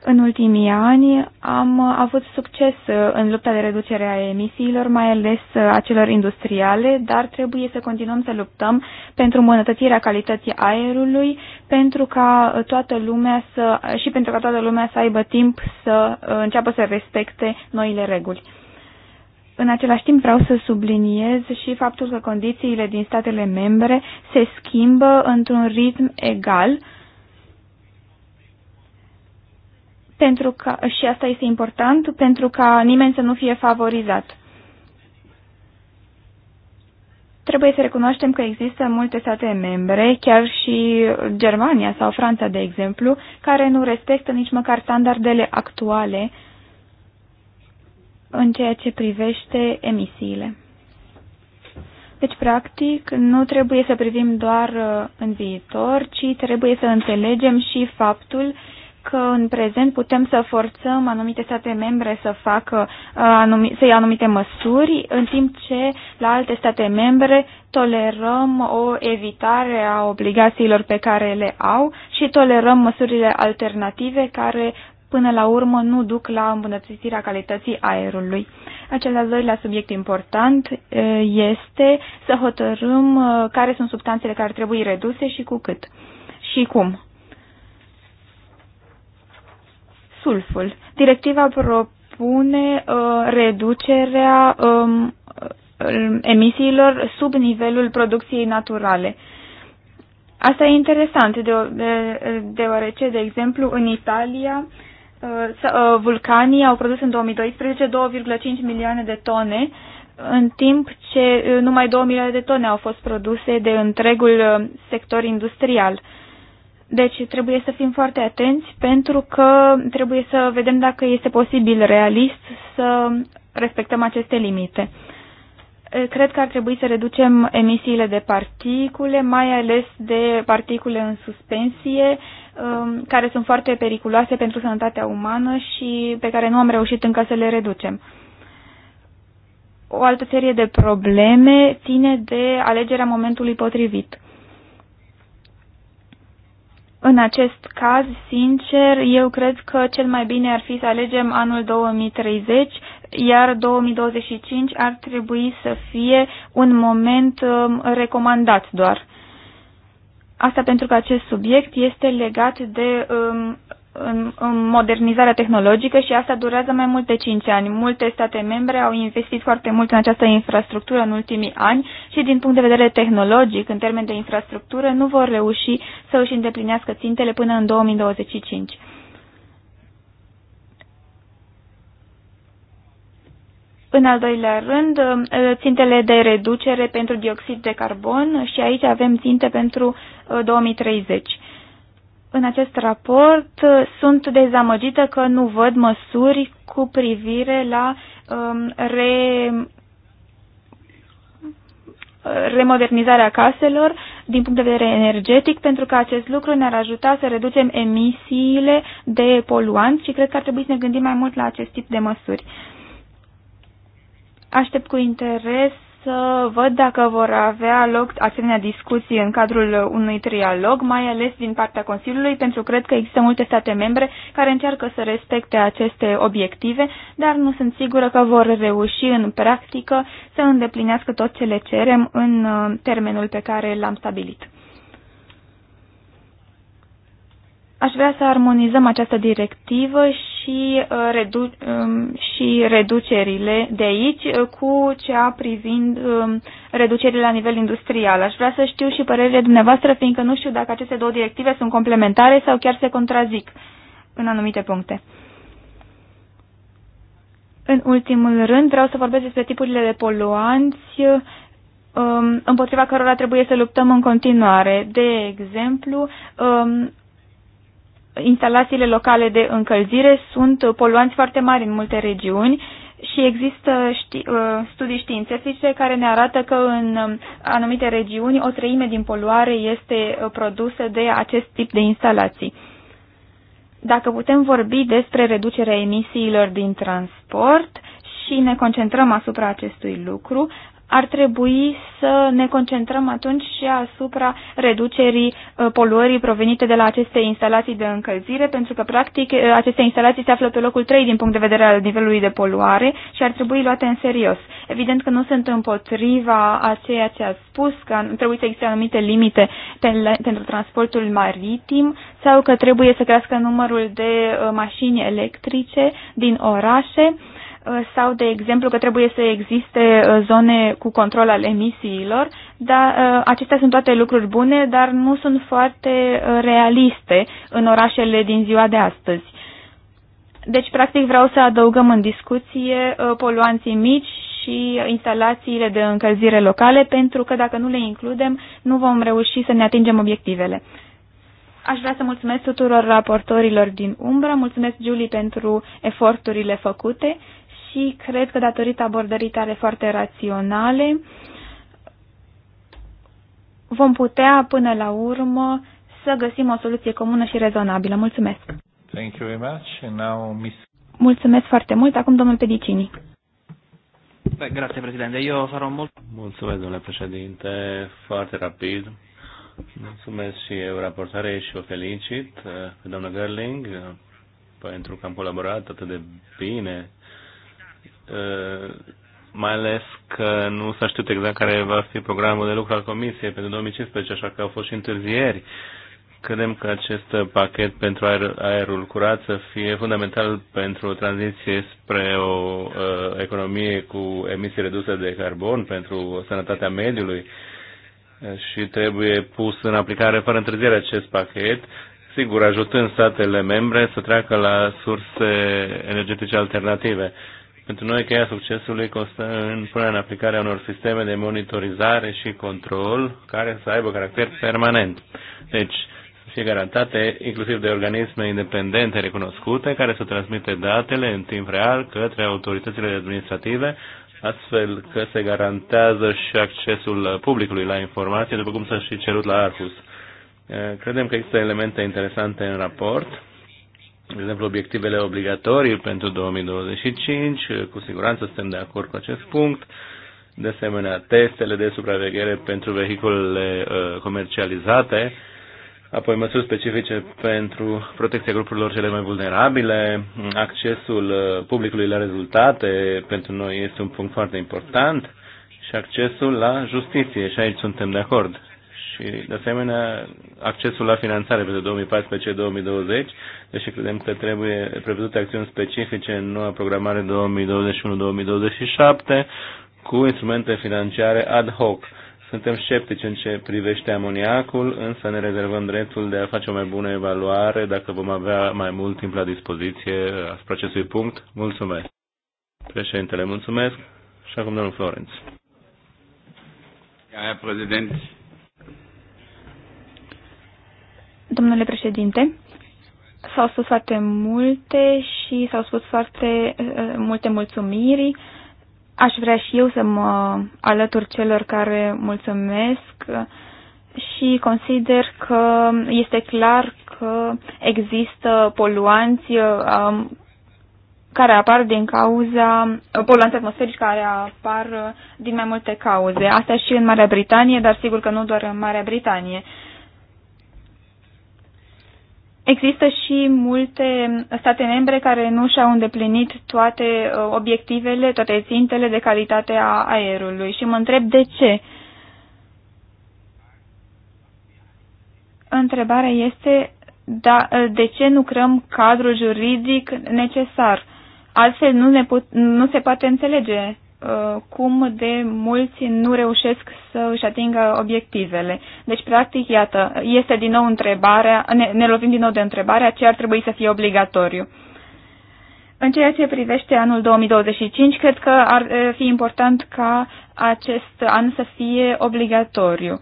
În ultimii ani am avut succes în lupta de reducere a emisiilor, mai ales a celor industriale, dar trebuie să continuăm să luptăm pentru îmbunătățirea calității aerului, pentru ca toată lumea să, și pentru ca toată lumea să aibă timp să înceapă să respecte noile reguli. În același timp vreau să subliniez și faptul că condițiile din statele membre se schimbă într-un ritm egal pentru că, și asta este important pentru ca nimeni să nu fie favorizat. Trebuie să recunoaștem că există multe state membre, chiar și Germania sau Franța, de exemplu, care nu respectă nici măcar standardele actuale uh, în ceea ce privește emisiile. Deci, practic, nu trebuie să privim doar uh, în viitor, ci trebuie să înțelegem și faptul că în prezent putem să forțăm anumite state membre să facă uh, să ia anumite măsuri, în timp ce la alte state membre tolerăm o evitare a obligațiilor pe care le au și tolerăm măsurile alternative care până la urmă nu duc la îmbunătățirea calității aerului. Acel al doilea subiect important este să hotărâm care sunt substanțele care trebuie reduse și cu cât și cum. Sulful. Directiva propune uh, reducerea um, emisiilor sub nivelul producției naturale. Asta e interesant, de, de, deoarece, de exemplu, în Italia Uh, vulcanii au produs în 2012 2,5 milioane de tone, în timp ce uh, numai 2 milioane de tone au fost produse de întregul uh, sector industrial. Deci trebuie să fim foarte atenți pentru că trebuie să vedem dacă este posibil realist să respectăm aceste limite. Eh, cred că ar trebui să reducem emisiile de particule, mai ales de particule în suspensie, um, care sunt foarte periculoase pentru sănătatea umană și pe care nu am reușit încă să le reducem. O altă serie de probleme ține de alegerea momentului potrivit. În acest caz, sincer, eu cred că cel mai bine ar fi să alegem anul 2030 iar 2025 ar trebui să fie un moment um, recomandat doar. Asta pentru că acest subiect este legat de um, modernizarea tehnologică și asta durează mai mult de 5 ani. Multe state membre au investit foarte mult în această infrastructură în ultimii ani și din punct de vedere tehnologic, în termen de infrastructură, nu vor reuși să își îndeplinească țintele până în 2025. În al doilea rând, um, țintele de reducere pentru dioxid de carbon și aici avem ținte pentru 2030. Uh, În acest raport uh, sunt dezamăgită că nu văd măsuri cu privire la um, re, remodernizarea caselor din punct de vedere energetic, pentru că acest lucru ne-ar ajuta să reducem emisiile de poluanți și cred că ar trebui să ne gândim mai mult la acest tip de măsuri. Aștept cu interes să văd dacă vor avea loc asemenea discuții în cadrul unui trialog, mai ales din partea Consiliului, pentru că cred că există multe state membre care încearcă să respecte aceste obiective, dar nu sunt sigură că vor reuși în practică să îndeplinească tot ce le cerem în uh, termenul pe care l-am stabilit. Aș vrea să armonizăm această directivă și, uh, redu- um, și reducerile de aici uh, cu cea privind um, reducerile la nivel industrial. Aș vrea să știu și părerile dumneavoastră, fiindcă nu știu dacă aceste două directive sunt complementare sau chiar se contrazic în anumite puncte. În ultimul rând, vreau să vorbesc despre tipurile de poluanți um, împotriva cărora trebuie să luptăm în continuare. De exemplu, instalațiile locale de încălzire sunt poluanți foarte mari în multe regiuni și există ști, uh, studii științifice care ne arată că în um, anumite regiuni o treime din poluare este uh, produsă de acest tip de instalații. Dacă putem vorbi despre reducerea emisiilor din transport și ne concentrăm asupra acestui lucru, ar trebui să ne concentrăm atunci și asupra reducerii uh, poluării provenite de la aceste instalații de încălzire, pentru că, practic, uh, aceste instalații se află pe locul 3 din punct de vedere al nivelului de poluare și ar trebui luate în serios. Evident că nu sunt împotriva a ceea ce a spus, că trebuie să existe anumite limite pentru transportul maritim sau că trebuie să crească numărul de uh, mașini electrice din orașe Uh, sau, de exemplu, că trebuie să existe uh, zone cu control al emisiilor, dar uh, acestea sunt toate lucruri bune, dar nu sunt foarte realiste în orașele din ziua de astăzi. Deci, practic, vreau să adăugăm în discuție poluanții mici și instalațiile de încălzire locale, pentru că dacă nu le includem, nu vom reuși să ne atingem obiectivele. Aș vrea să mulțumesc tuturor raportorilor din umbră, mulțumesc Julie pentru eforturile făcute și cred că datorită abordării tale foarte raționale vom putea până la urmă să găsim o soluție comună și rezonabilă. Mulțumesc! Thank you very much. And now, miss... Mulțumesc foarte mult. Acum domnul Pedicini. Beh, grazie Presidente, io farò molto... Mulțumesc, domnule președinte, foarte rapid. Mulțumesc și eu raportare și o felicit eh, pe doamna Gerling eh, pentru că am colaborat atât de bine Eh, mai ales că nu s-a știut exact care va fi programul de lucru al Comisiei pentru 2015, așa că au fost și întârzieri. Credem că acest pachet pentru aer, aerul curat să fie fundamental pentru o tranziție spre o uh, economie cu emisii reduse de carbon, pentru sănătatea mediului eh, și trebuie pus în aplicare fără întârziere acest pachet, sigur ajutând statele membre să treacă la surse energetice alternative. Uh, pentru noi, cheia succesului constă în punerea în aplicare a unor sisteme de monitorizare și control care să aibă caracter permanent. Deci, să fie garantate inclusiv de organisme independente recunoscute care să transmite datele în timp real către autoritățile administrative, astfel că se garantează și accesul publicului la informație, după cum s-a și cerut la Arhus. Credem că există elemente interesante în raport de exemplu, obiectivele obligatorii pentru 2025, cu siguranță suntem de acord cu acest punct, de asemenea, testele de supraveghere pentru vehiculele uh, comercializate, apoi măsuri specifice pentru protecția grupurilor cele mai vulnerabile, accesul uh, publicului la rezultate pentru noi este un punct foarte important și accesul la justiție și aici suntem de acord și, de asemenea, accesul la finanțare pentru 2014-2020, deși credem că trebuie prevăzute acțiuni specifice în noua programare 2021-2027 cu instrumente financiare ad hoc. Suntem sceptici în ce privește amoniacul, însă ne rezervăm dreptul de a face o mai bună evaluare dacă vom avea mai mult timp la dispoziție asupra acestui punct. Mulțumesc. Președintele, mulțumesc. Și acum domnul Florenț. Herr Präsident, Domnule președinte, s-au spus foarte multe și s-au spus foarte eh, eh, multe mulțumiri. Aș vrea și eu să mă alătur celor care mulțumesc și consider că este clar că există poluanți care apar din cauza, poluanți atmosferici care apar din mai multe cauze. Asta și în Marea Britanie, dar sigur că nu doar în Marea Britanie. Uh, Există și multe state membre care nu și-au îndeplinit toate uh, obiectivele, toate țintele de calitate a aerului și mă întreb de ce. Întrebarea este da, uh, de ce nu creăm cadrul juridic necesar. Altfel nu, ne put, nu se poate înțelege Uh, cum de mulți nu reușesc să își atingă obiectivele. Deci, practic, iată, este din nou întrebarea, ne, ne lovim din nou de întrebarea ce ar trebui să fie obligatoriu. În ceea ce privește anul 2025, cred că ar uh, fi important ca acest an să fie obligatoriu.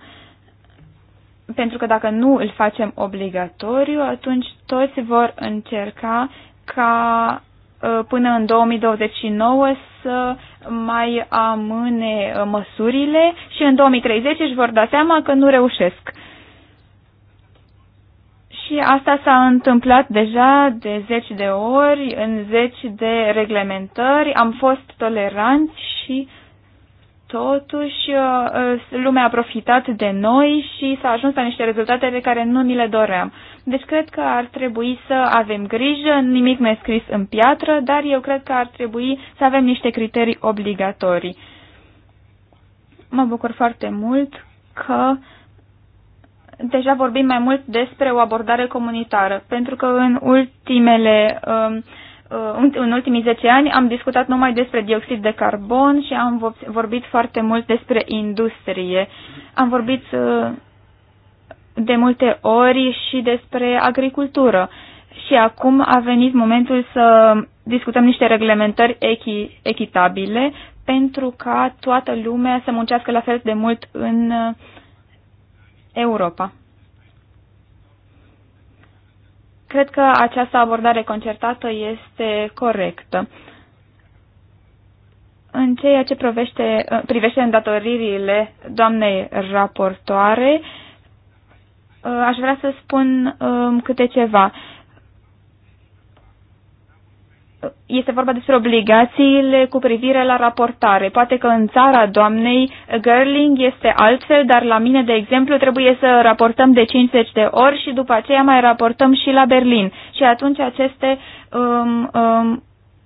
Pentru că dacă nu îl facem obligatoriu, atunci toți vor încerca ca Uh, până în 2029 să mai amâne uh, măsurile și în 2030 își vor da seama că nu reușesc. Și asta s-a întâmplat deja de zeci de ori, în zeci de reglementări. Am fost toleranți și uh, totuși uh, uh, lumea a profitat de noi și s-a ajuns la niște rezultate pe care nu ni le doream. Deci cred că ar trebui să avem grijă, nimic nu e scris în piatră, dar eu cred că ar trebui să avem niște criterii obligatorii. Mă bucur foarte mult că deja vorbim mai mult despre o abordare comunitară, pentru că în ultimele Uh, Uh, în ultimii 10 ani am discutat numai despre dioxid de carbon și am vorbit foarte mult despre industrie. Am vorbit uh, de multe ori și despre agricultură. Și acum a venit momentul să discutăm niște reglementări echi, echitabile pentru ca toată lumea să muncească la fel de mult în uh, Europa. Cred că această abordare concertată este corectă. În ceea ce privește, uh, privește îndatoririle doamnei raportoare, uh, aș vrea să spun um, câte ceva este vorba despre obligațiile cu privire la raportare. Poate că în țara doamnei Gerling este altfel, dar la mine, de exemplu, trebuie să raportăm de 50 de ori și după aceea mai raportăm și la Berlin. Și atunci aceste um, um,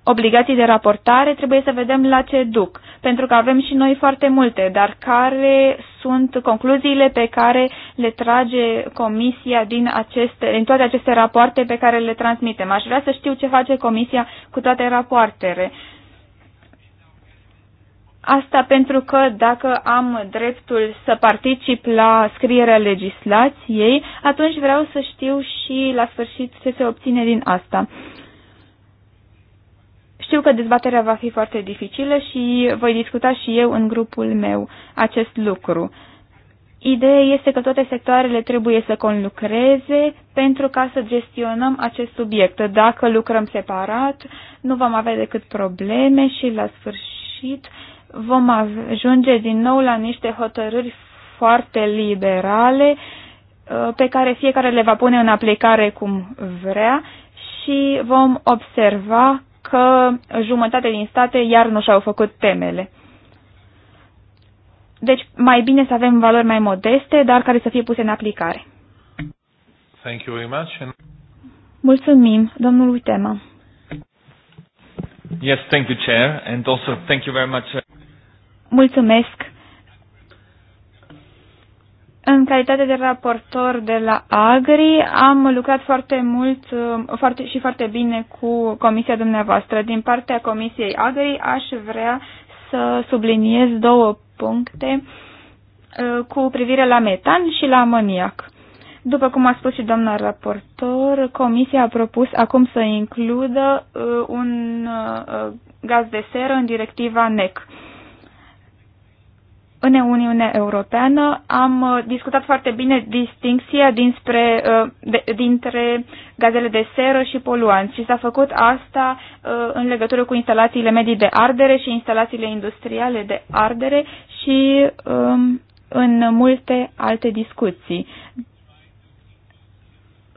obligații de raportare, trebuie să vedem la ce duc, pentru că avem și noi foarte multe, dar care sunt concluziile pe care le trage Comisia din, aceste, din toate aceste rapoarte pe care le transmitem. Aș vrea să știu ce face Comisia cu toate rapoartele. Asta pentru că dacă am dreptul să particip la scrierea legislației, atunci vreau să știu și la sfârșit ce se obține din asta. Știu că dezbaterea va fi foarte dificilă și voi discuta și eu în grupul meu acest lucru. Ideea este că toate sectoarele trebuie să conlucreze pentru ca să gestionăm acest subiect. Dacă lucrăm separat, nu vom avea decât probleme și la sfârșit vom ajunge din nou la niște hotărâri foarte liberale uh, pe care fiecare le va pune în aplicare cum vrea și vom observa că jumătate din state iar nu și-au făcut temele. Deci mai bine să avem valori mai modeste, dar care să fie puse în aplicare. Thank you very much. Mulțumim, domnul Uitema. Yes, thank you, Chair, and also thank you very much. Mulțumesc, în calitate de raportor de la Agri, am lucrat foarte mult uh, foarte, și foarte bine cu comisia dumneavoastră. Din partea comisiei Agri aș vrea să subliniez două puncte uh, cu privire la metan și la amoniac. După cum a spus și doamna raportor, comisia a propus acum să includă uh, un gaz de seră în directiva NEC în Uniunea Europeană am uh, discutat foarte bine distinția dinspre, uh, de, dintre gazele de seră și poluanți și s-a făcut asta uh, în legătură cu instalațiile medii de ardere și instalațiile industriale de ardere și um, în multe alte discuții.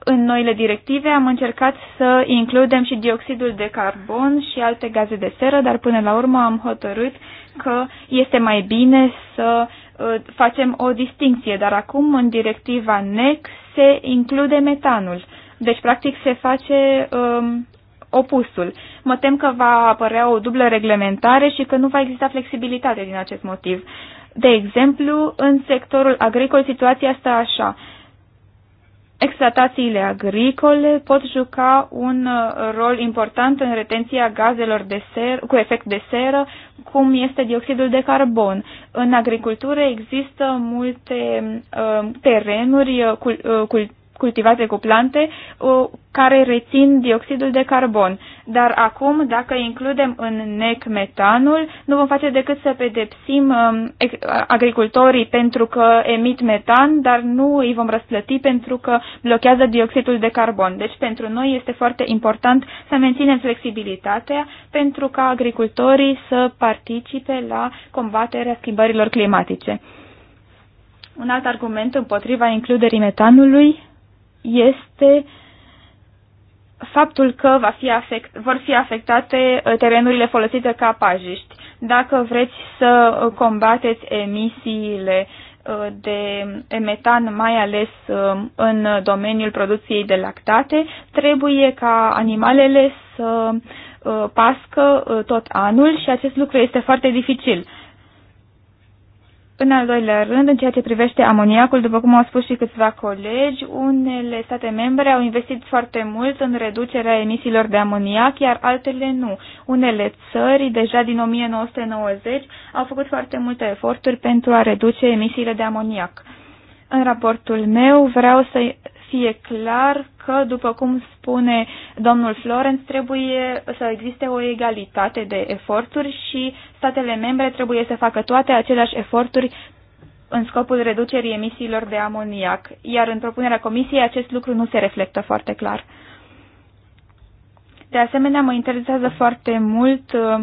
În noile directive am încercat să includem și dioxidul de carbon și alte gaze de seră, dar până la urmă am hotărât că este mai bine să ă, facem o distinție, dar acum în directiva NEC se include metanul. Deci, practic, se face um, opusul. Mă tem că va apărea o dublă reglementare și că nu va exista flexibilitate din acest motiv. De exemplu, în sectorul agricol situația stă așa. Exploatațiile agricole pot juca un uh, rol important în retenția gazelor de ser, cu efect de seră, cum este dioxidul de carbon. În agricultură există multe uh, terenuri uh, cultivate cu plante uh, care rețin dioxidul de carbon. Dar acum, dacă includem în NEC metanul, nu vom face decât să pedepsim um, agricultorii pentru că emit metan, dar nu îi vom răsplăti pentru că blochează dioxidul de carbon. Deci pentru noi este foarte important să menținem flexibilitatea pentru ca agricultorii să participe la combaterea schimbărilor climatice. Un alt argument împotriva includerii metanului este faptul că va fi afect, vor fi afectate uh, terenurile folosite ca pajiști. Dacă vreți să combateți emisiile uh, de metan, mai ales uh, în domeniul producției de lactate, trebuie ca animalele să pască tot anul și acest lucru este foarte dificil. În al doilea rând, în ceea ce privește amoniacul, după cum au spus și câțiva colegi, unele state membre au investit foarte mult în reducerea emisiilor de amoniac, iar altele nu. Unele țări, deja din 1990, au făcut foarte multe eforturi pentru a reduce emisiile de amoniac. În raportul meu vreau să fie clar că, după cum spune domnul Florence, trebuie să existe o egalitate de eforturi și statele membre trebuie să facă toate aceleași eforturi în scopul reducerii emisiilor de amoniac, iar în propunerea comisiei acest lucru nu se reflectă foarte clar. De asemenea, mă interesează foarte mult uh,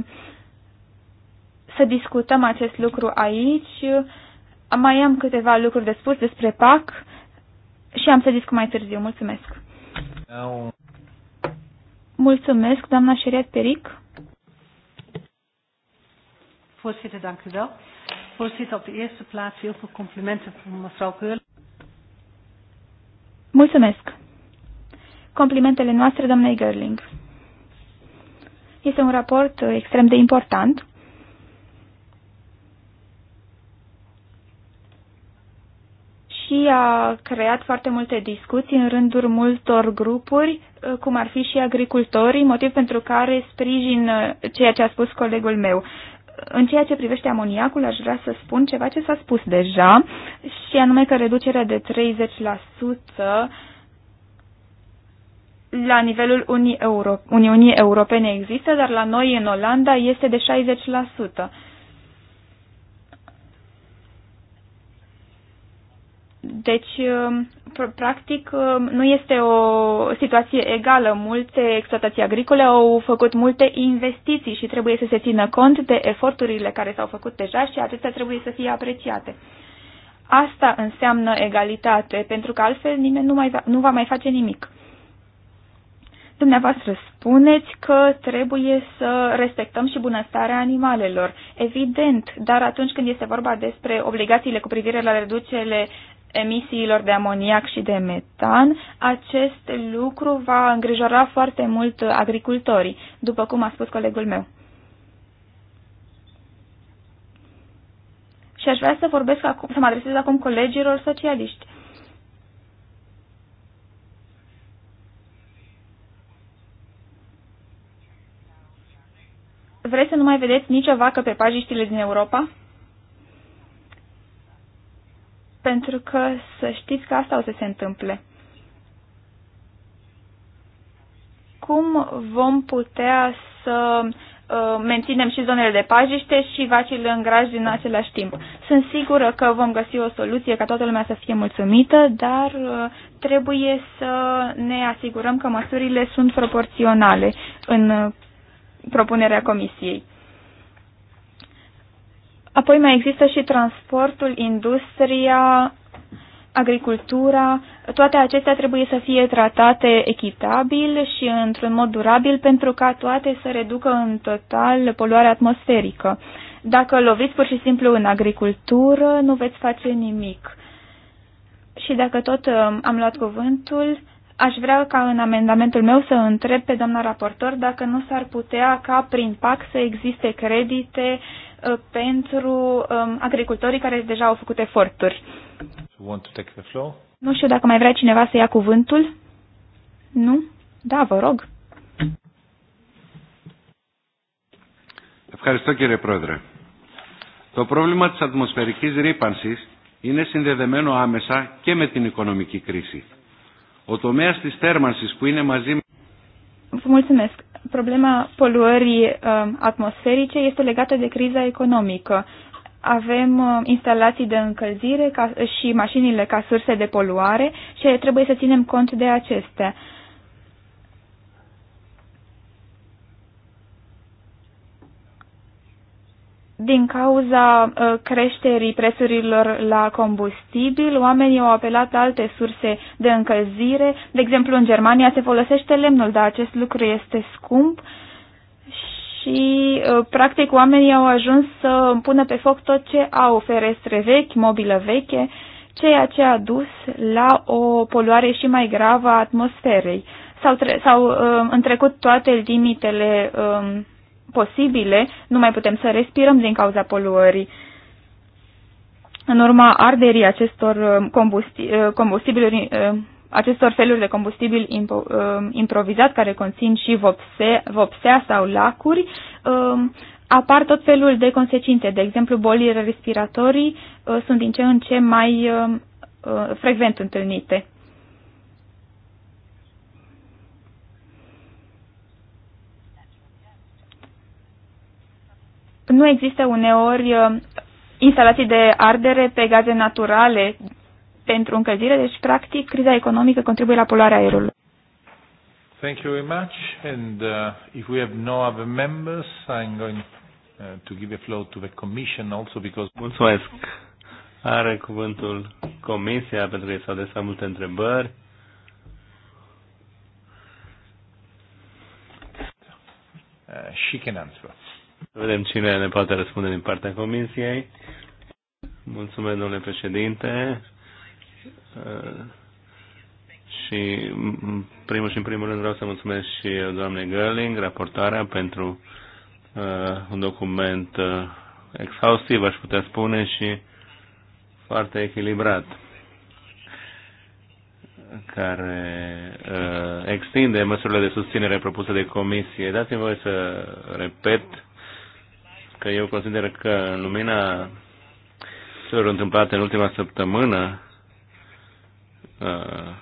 să discutăm acest lucru aici. Mai am câteva lucruri de spus despre PAC și am să discut mai târziu. Mulțumesc! No. Mulțumesc, doamna Șeriat Peric. Voorzitter, dank u wel. Voorzitter, op de eerste plaats heel veel complimenten voor mevrouw Keul. Mulțumesc. Complimentele noastre, doamnei Gerling. Este un raport uh, extrem de important și a creat foarte multe discuții în rândul multor grupuri, uh, cum ar fi și agricultorii, motiv pentru care sprijin uh, ceea ce a spus colegul meu. În ceea ce privește amoniacul, aș vrea să spun ceva ce s-a spus deja, și anume că reducerea de 30% la nivelul Uni Euro- Uniunii Europene există, dar la noi în Olanda este de 60%. Deci, um, practic, um, nu este o situație egală. Multe exploatații agricole au făcut multe investiții și trebuie să se țină cont de eforturile care s-au făcut deja și acestea trebuie să fie apreciate. Asta înseamnă egalitate, pentru că altfel nimeni nu, mai va, nu va mai face nimic. Dumneavoastră spuneți că trebuie să respectăm și bunăstarea animalelor. Evident, dar atunci când este vorba despre obligațiile cu privire la reducere, emisiilor de amoniac și de metan, acest lucru va îngrijora foarte mult agricultorii, după cum a spus colegul meu. Și aș vrea să vorbesc acum, să mă adresez acum colegilor socialiști. Vreți să nu mai vedeți nicio vacă pe pajiștile din Europa? pentru că să știți că asta o să se întâmple. Cum vom putea să uh, menținem și zonele de pajiște și vacile în graj din același timp? Sunt sigură că vom găsi o soluție ca toată lumea să fie mulțumită, dar uh, trebuie să ne asigurăm că măsurile sunt proporționale în uh, propunerea comisiei. Apoi mai există și transportul, industria, agricultura, toate acestea trebuie să fie tratate echitabil și într-un mod durabil pentru ca toate să reducă în total poluarea atmosferică. Dacă loviți pur și simplu în agricultură, nu veți face nimic. Și dacă tot um, am luat cuvântul, aș vrea ca în amendamentul meu să întreb pe doamna raportor dacă nu s-ar putea ca prin PAC să existe credite uh, pentru um, agricultorii care deja au făcut eforturi. Nu știu dacă mai vrea cineva să ia cuvântul. Nu? Da, vă rog. Ευχαριστώ κύριε Πρόεδρε. Το πρόβλημα της ατμοσφαιρικής ρήπανσης είναι συνδεδεμένο άμεσα και με την οικονομική κρίση. Ο τομέας της θέρμανσης που είναι μαζί με... Vă mulțumesc. Problema poluării uh, atmosferice este legată de criza economică. Avem uh, instalații de încălzire și mașinile ca surse de poluare și trebuie să ținem cont de acestea. din cauza uh, creșterii prețurilor la combustibil, oamenii au apelat la alte surse de încălzire. De exemplu, în Germania se folosește lemnul, dar acest lucru este scump și, uh, practic, oamenii au ajuns să pună pe foc tot ce au, ferestre vechi, mobilă veche, ceea ce a dus la o poluare și mai gravă a atmosferei. S-au, tre- s-au uh, întrecut toate limitele uh, posibile, nu mai putem să respirăm din cauza poluării. În urma arderii acestor um, combusti uh, combustibiluri, uh, acestor feluri de combustibil um, improvizat care conțin și vopse, vopsea sau lacuri, um, apar tot felul de consecințe. De exemplu, bolile respiratorii uh, sunt din ce în ce mai frecvent întâlnite. nu există uneori uh, instalații de ardere pe gaze naturale pentru încălzire, deci practic criza economică contribuie la poluarea aerului. Thank you very much. And uh, if we have no other members, I'm going uh, to give a floor to the Commission also because... Mulțumesc. Are cuvântul Comisia pentru că s-au adresat multe întrebări. Uh, she can answer. Vedem cine ne poate răspunde din partea comisiei. Mulțumesc, domnule președinte. Uh, și primul și în primul rând vreau să mulțumesc și doamnei Gerling, raportarea, pentru uh, un document uh, exhaustiv, aș putea spune, și foarte echilibrat, care uh, extinde măsurile de susținere propuse de comisie. Dați-mi voi să repet că eu consider că în lumina celor întâmplate în ultima săptămână uh,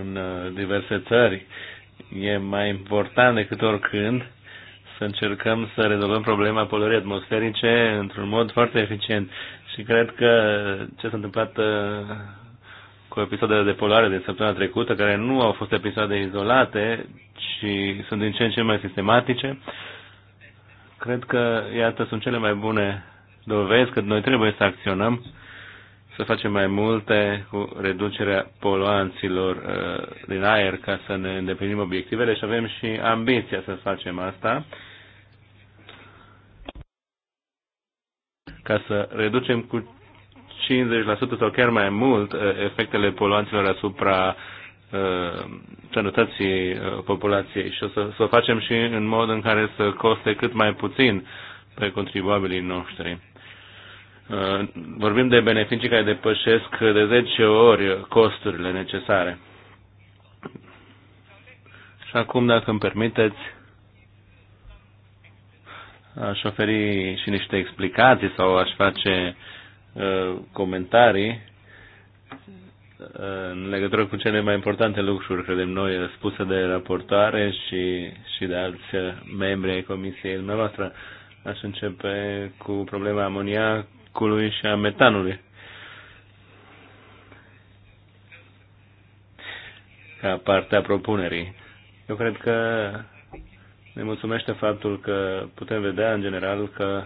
în uh, diverse țări, e mai important decât oricând să încercăm să rezolvăm problema poluării atmosferice într-un mod foarte eficient. Și cred că ce s-a întâmplat uh, cu episoadele de poluare de săptămâna trecută, care nu au fost episoade izolate, ci sunt din ce în ce mai sistematice, uh, Cred că, iată, sunt cele mai bune dovezi că noi trebuie să acționăm, să facem mai multe cu reducerea poluanților uh, din aer ca să ne îndeplinim obiectivele și avem și ambiția să facem asta. ca să reducem cu 50% sau chiar mai mult uh, efectele poluanților asupra Uh, sănătății uh, populației și o să, să o facem și în mod în care să coste cât mai puțin pe contribuabilii noștri. Uh, vorbim de beneficii care depășesc de 10 ori costurile necesare. Și acum, dacă îmi permiteți, aș oferi și niște explicații sau aș face comentarii în legătură cu cele mai importante lucruri, credem noi, spuse de raportoare și, și de alți membri ai comisiei noastre. Aș începe cu problema amoniacului și a metanului. Ca partea propunerii. Eu cred că ne mulțumește faptul că putem vedea, în general, că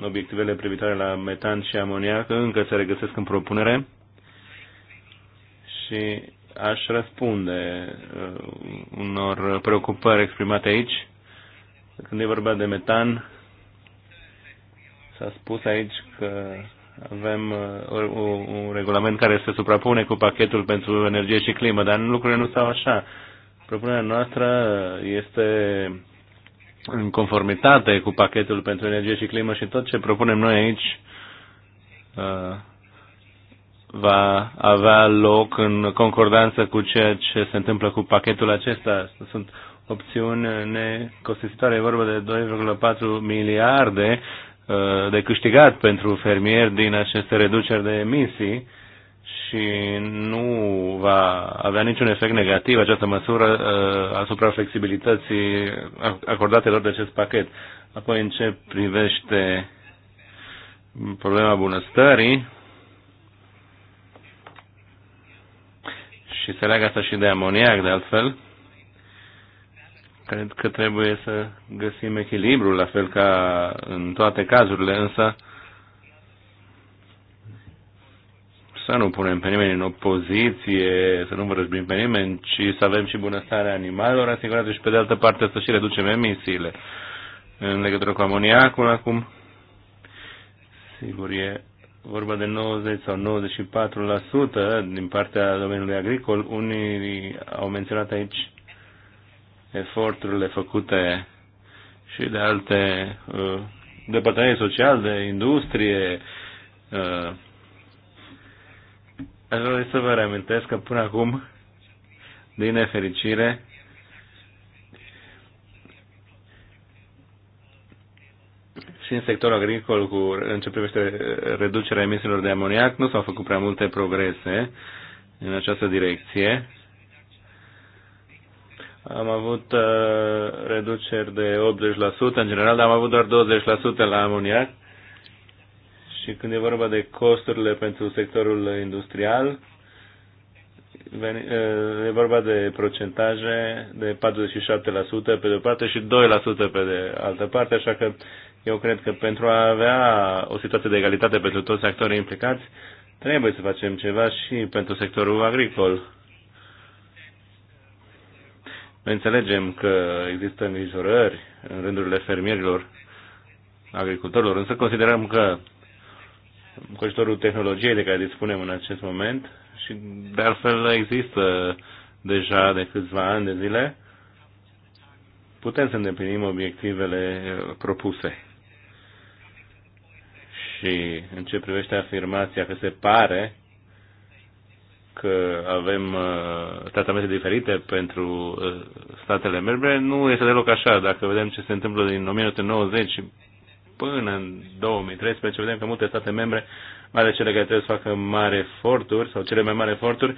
obiectivele privitoare la metan și amoniac încă se regăsesc în propunere și aș răspunde uh, unor preocupări exprimate aici. Când e vorba de metan, s-a spus aici că avem uh, un regulament care se suprapune cu pachetul pentru energie și climă, dar lucrurile nu stau așa. Propunerea noastră este în conformitate cu pachetul pentru energie și climă și tot ce propunem noi aici uh, va avea loc în concordanță cu ceea ce se întâmplă cu pachetul acesta. Sunt opțiuni necostisitoare. E vorba de 2,4 miliarde uh, de câștigat pentru fermieri din aceste reduceri de emisii și nu va avea niciun efect negativ această măsură uh, asupra flexibilității acordate lor de acest pachet. Apoi, în ce privește problema bunăstării, și se leagă asta și de amoniac, de altfel, cred că trebuie să găsim echilibru, la fel ca în toate cazurile, însă să nu punem pe nimeni în opoziție, să nu vorbim pe nimeni, ci să avem și bunăstarea animalelor asigurată și pe de altă parte să și reducem emisiile. În legătură cu amoniacul acum, sigur e vorba de 90 sau 94% din partea domeniului agricol. Unii au menționat aici eforturile făcute și de alte uh, de bătaie social, de industrie. Uh, aș vrea să vă reamintesc că până acum, din nefericire, și în sectorul agricol, cu, în ce privește reducerea emisiilor de amoniac, nu s-au făcut prea multe progrese în această direcție. Am avut uh, reduceri de 80% în general, dar am avut doar 20% la amoniac. Și când e vorba de costurile pentru sectorul industrial, uh, e vorba de procentaje de 47% pe de o parte și 2% pe de altă parte, așa că eu cred că pentru a avea o situație de egalitate pentru toți actorii implicați, trebuie să facem ceva și pentru sectorul agricol. Noi înțelegem că există îngrijorări în rândurile fermierilor, agricultorilor, însă considerăm că cu ajutorul tehnologiei de care dispunem în acest moment și de altfel există deja de câțiva ani de zile, putem să îndeplinim obiectivele propuse. Și în ce privește afirmația că se pare că avem uh, tratamente diferite pentru uh, statele membre, nu este deloc așa. Dacă vedem ce se întâmplă din 1990 până în 2013, vedem că multe state membre, mai ales cele care trebuie să facă mari eforturi sau cele mai mari eforturi,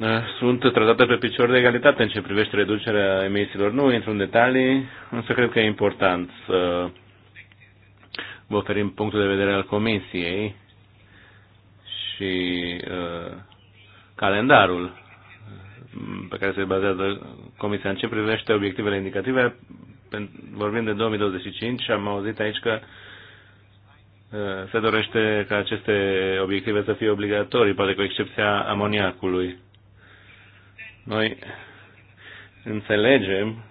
uh, sunt tratate pe picior de egalitate în ce privește reducerea emisiilor. Nu intru în detalii, însă cred că e important să vă oferim punctul de vedere al Comisiei și uh, calendarul mm, pe care se bazează Comisia. În ce privește obiectivele indicative, vorbim de 2025 și am auzit aici că uh, se dorește ca aceste obiective să fie obligatorii, poate cu excepția amoniacului. Noi înțelegem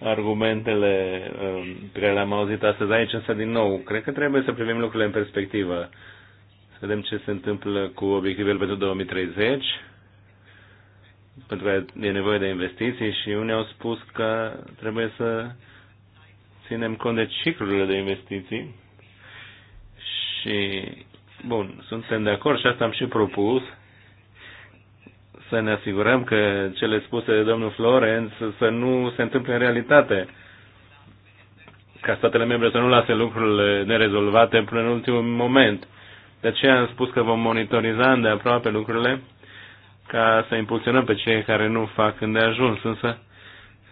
argumentele um, pe care le-am auzit astăzi aici, însă din nou, cred că trebuie să privim lucrurile în perspectivă. Să vedem ce se întâmplă cu obiectivele pentru 2030, pentru că e nevoie de investiții și unii au spus că trebuie să ținem cont de ciclurile de investiții și, bun, suntem de acord și asta am și propus, să ne asigurăm că cele spuse de domnul Florenț să nu se întâmple în realitate, ca statele membre să nu lase lucrurile nerezolvate până în ultimul moment. De aceea am spus că vom monitoriza de aproape lucrurile ca să impulsionăm pe cei care nu fac îndeajuns, însă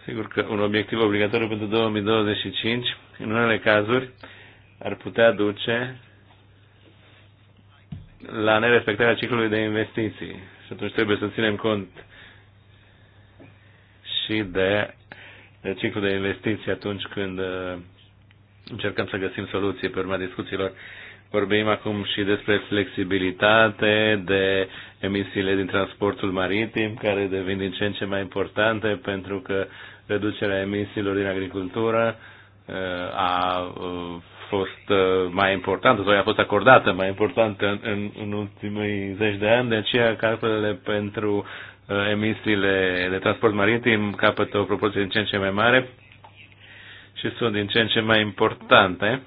sigur că un obiectiv obligatoriu pentru 2025, în unele cazuri, ar putea duce la nerespectarea ciclului de investiții și atunci trebuie să ținem cont și de, de ciclul de investiții atunci când uh, încercăm să găsim soluții pe urma discuțiilor. Vorbim acum și despre flexibilitate, de emisiile din transportul maritim, care devin din ce în ce mai importante pentru că reducerea emisiilor din agricultură uh, a uh, fost uh, mai importantă sau i-a fost acordată mai importantă în, în, în ultimii zeci de ani, de aceea calculele pentru uh, emisiile de transport maritim capătă o proporție din ce în ce mai mare și sunt din ce în ce mai importante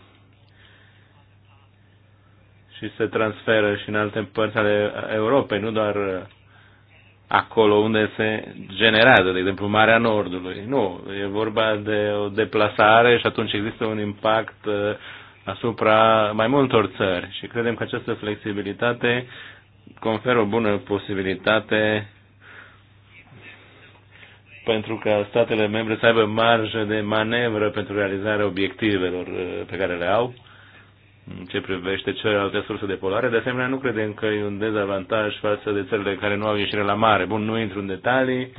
și se transferă și în alte părți ale Europei, nu doar uh, acolo unde se generează, de exemplu, Marea Nordului. Nu, e vorba de o deplasare și atunci există un impact uh, asupra mai multor țări și credem că această flexibilitate conferă o bună posibilitate pentru ca statele membre să aibă marjă de manevră pentru realizarea obiectivelor uh, pe care le au în ce privește celelalte surse de poluare. De asemenea, nu credem că e un dezavantaj față de țările care nu au ieșire la mare. Bun, nu intru în detalii,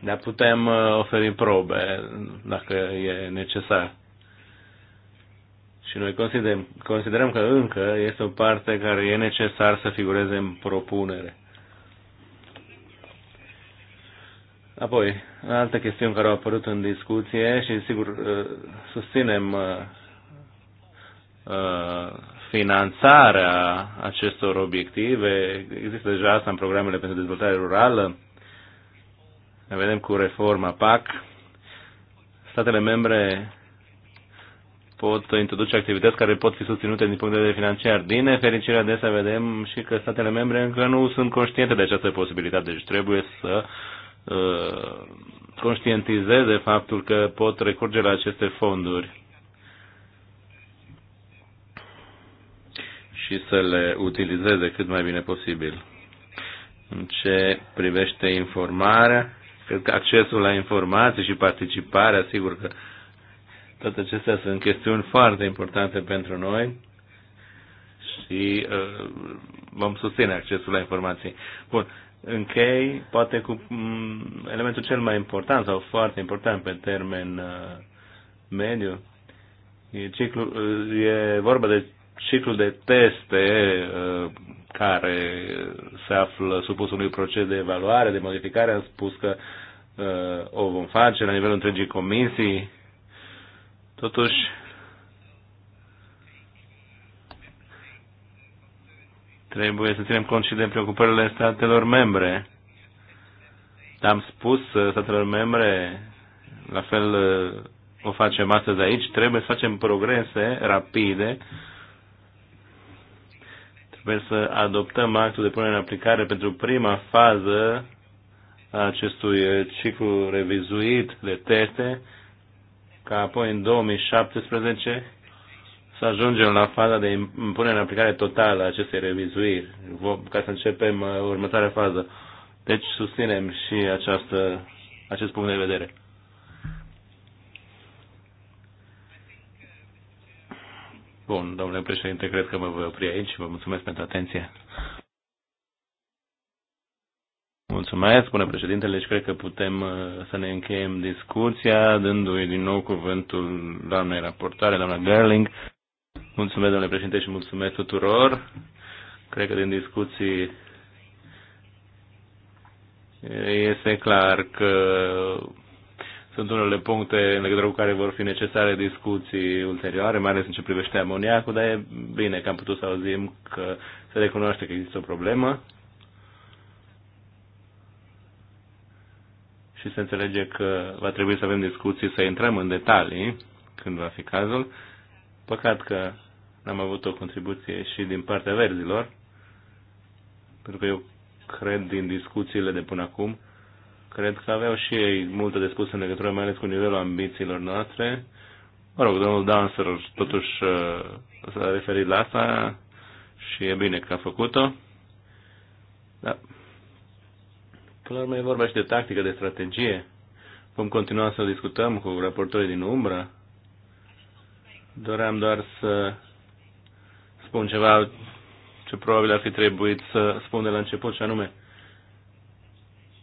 dar putem uh, oferi probe dacă e necesar. Și noi considerăm, considerăm că încă este o parte care e necesar să figureze în propunere. Apoi, altă chestiune care au apărut în discuție și, sigur, uh, susținem uh, Uh, finanțarea acestor obiective. Există deja asta în programele pentru dezvoltare rurală. Ne vedem cu reforma PAC. Statele membre pot introduce activități care pot fi susținute din punct de vedere financiar. Din nefericire, adesea vedem și că statele membre încă nu sunt conștiente de această posibilitate, deci trebuie să uh, conștientizeze faptul că pot recurge la aceste fonduri. și să le utilizeze cât mai bine posibil. În ce privește informarea, cred că accesul la informații și participarea, sigur că toate acestea sunt chestiuni foarte importante pentru noi și uh, vom susține accesul la informații. Bun, închei poate cu mm, elementul cel mai important sau foarte important pe termen uh, mediu. E, ciclu, uh, e vorba de ciclul de teste uh, care se află supus unui proces de evaluare, de modificare, am spus că uh, o vom face la nivelul întregii comisii. Totuși, trebuie să ținem cont și de preocupările statelor membre. Am spus uh, statelor membre, la fel o facem astăzi aici, trebuie să facem progrese rapide uh, Sper să adoptăm actul de punere în aplicare pentru prima fază a acestui ciclu revizuit de teste, ca apoi în 2017 să ajungem la faza de punere în aplicare totală a acestei revizuiri, ca să începem uh, următoarea fază. Deci susținem și această, acest punct de vedere. Bun, domnule președinte, cred că mă voi opri aici. Vă mulțumesc pentru atenție. Mulțumesc, spune președintele, și deci cred că putem uh, să ne încheiem discuția, dându-i din nou cuvântul doamnei raportare, doamna Gerling. Mulțumesc, domnule președinte, și mulțumesc tuturor. Cred că din discuții este clar că sunt unele puncte în legătură cu care vor fi necesare discuții ulterioare, mai ales în ce privește amoniacul, dar e bine că am putut să auzim că se recunoaște că există o problemă și se înțelege că va trebui să avem discuții, să intrăm în detalii când va fi cazul. Păcat că n-am avut o contribuție și din partea verzilor, pentru că eu cred din discuțiile de până acum cred că aveau și ei multe de spus în legătură, mai ales cu nivelul ambițiilor noastre. Mă rog, domnul Dancer totuși uh, s-a referit la asta și e bine că a făcut-o. Da. Până la urmă e vorba și de tactică, de strategie. Vom continua să discutăm cu raportorii din umbră. Doream doar să spun ceva ce probabil ar fi trebuit să spun de la început, și anume,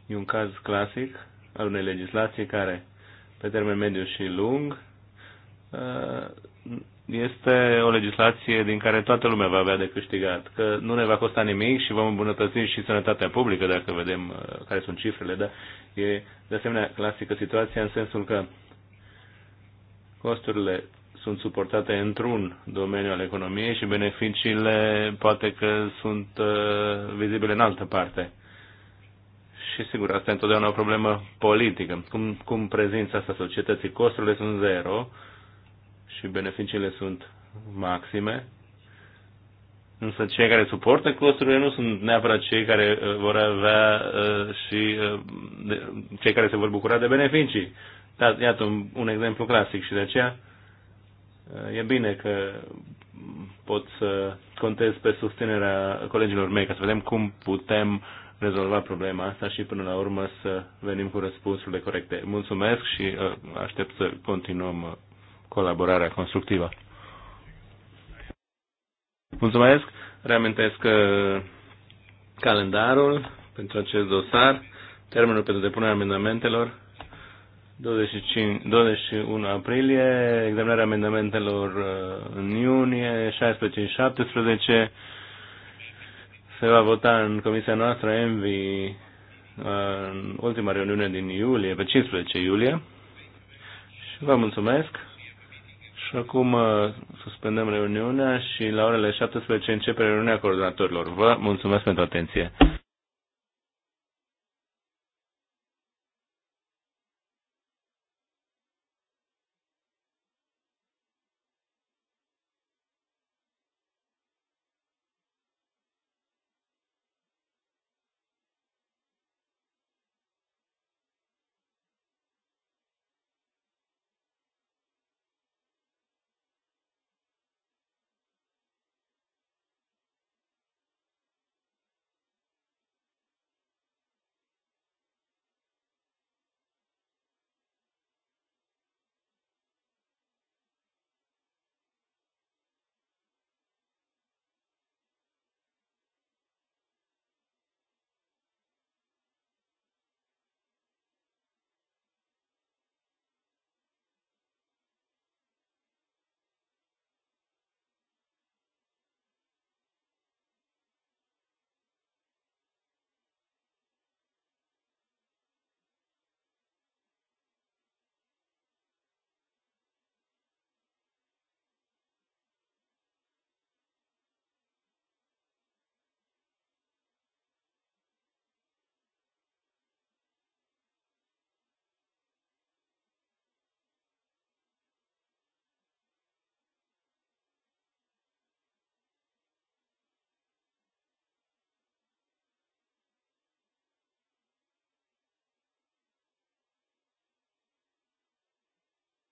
E un caz clasic al unei legislații care, pe termen mediu și lung, uh, este o legislație din care toată lumea va avea de câștigat, că nu ne va costa nimic și vom îmbunătăți și sănătatea publică, dacă vedem uh, care sunt cifrele, dar e de asemenea clasică situația în sensul că costurile sunt suportate într-un domeniu al economiei și beneficiile poate că sunt uh, vizibile în altă parte. Și sigur, asta e întotdeauna o problemă politică. Cum, cum prezința asta societății? Costurile sunt zero și beneficiile sunt maxime. Însă cei care suportă costurile nu sunt neapărat cei care uh, vor avea uh, și uh, cei care se vor bucura de beneficii. Da, iată un, un exemplu clasic și de aceea e bine că pot să contez pe susținerea colegilor mei ca să vedem cum putem rezolva problema asta și până la urmă să venim cu răspunsurile corecte. Mulțumesc și uh, aștept să continuăm uh, colaborarea constructivă. Mulțumesc. Reamintesc uh, calendarul pentru acest dosar, termenul pentru depunerea amendamentelor 21 aprilie, examinarea amendamentelor uh, în iunie, 16 și 17. Se va vota în comisia noastră ENVI uh, în ultima reuniune din iulie, pe 15 iulie. Și vă mulțumesc. Și acum uh, suspendăm reuniunea și la orele 17 începe reuniunea coordonatorilor. Vă mulțumesc pentru atenție.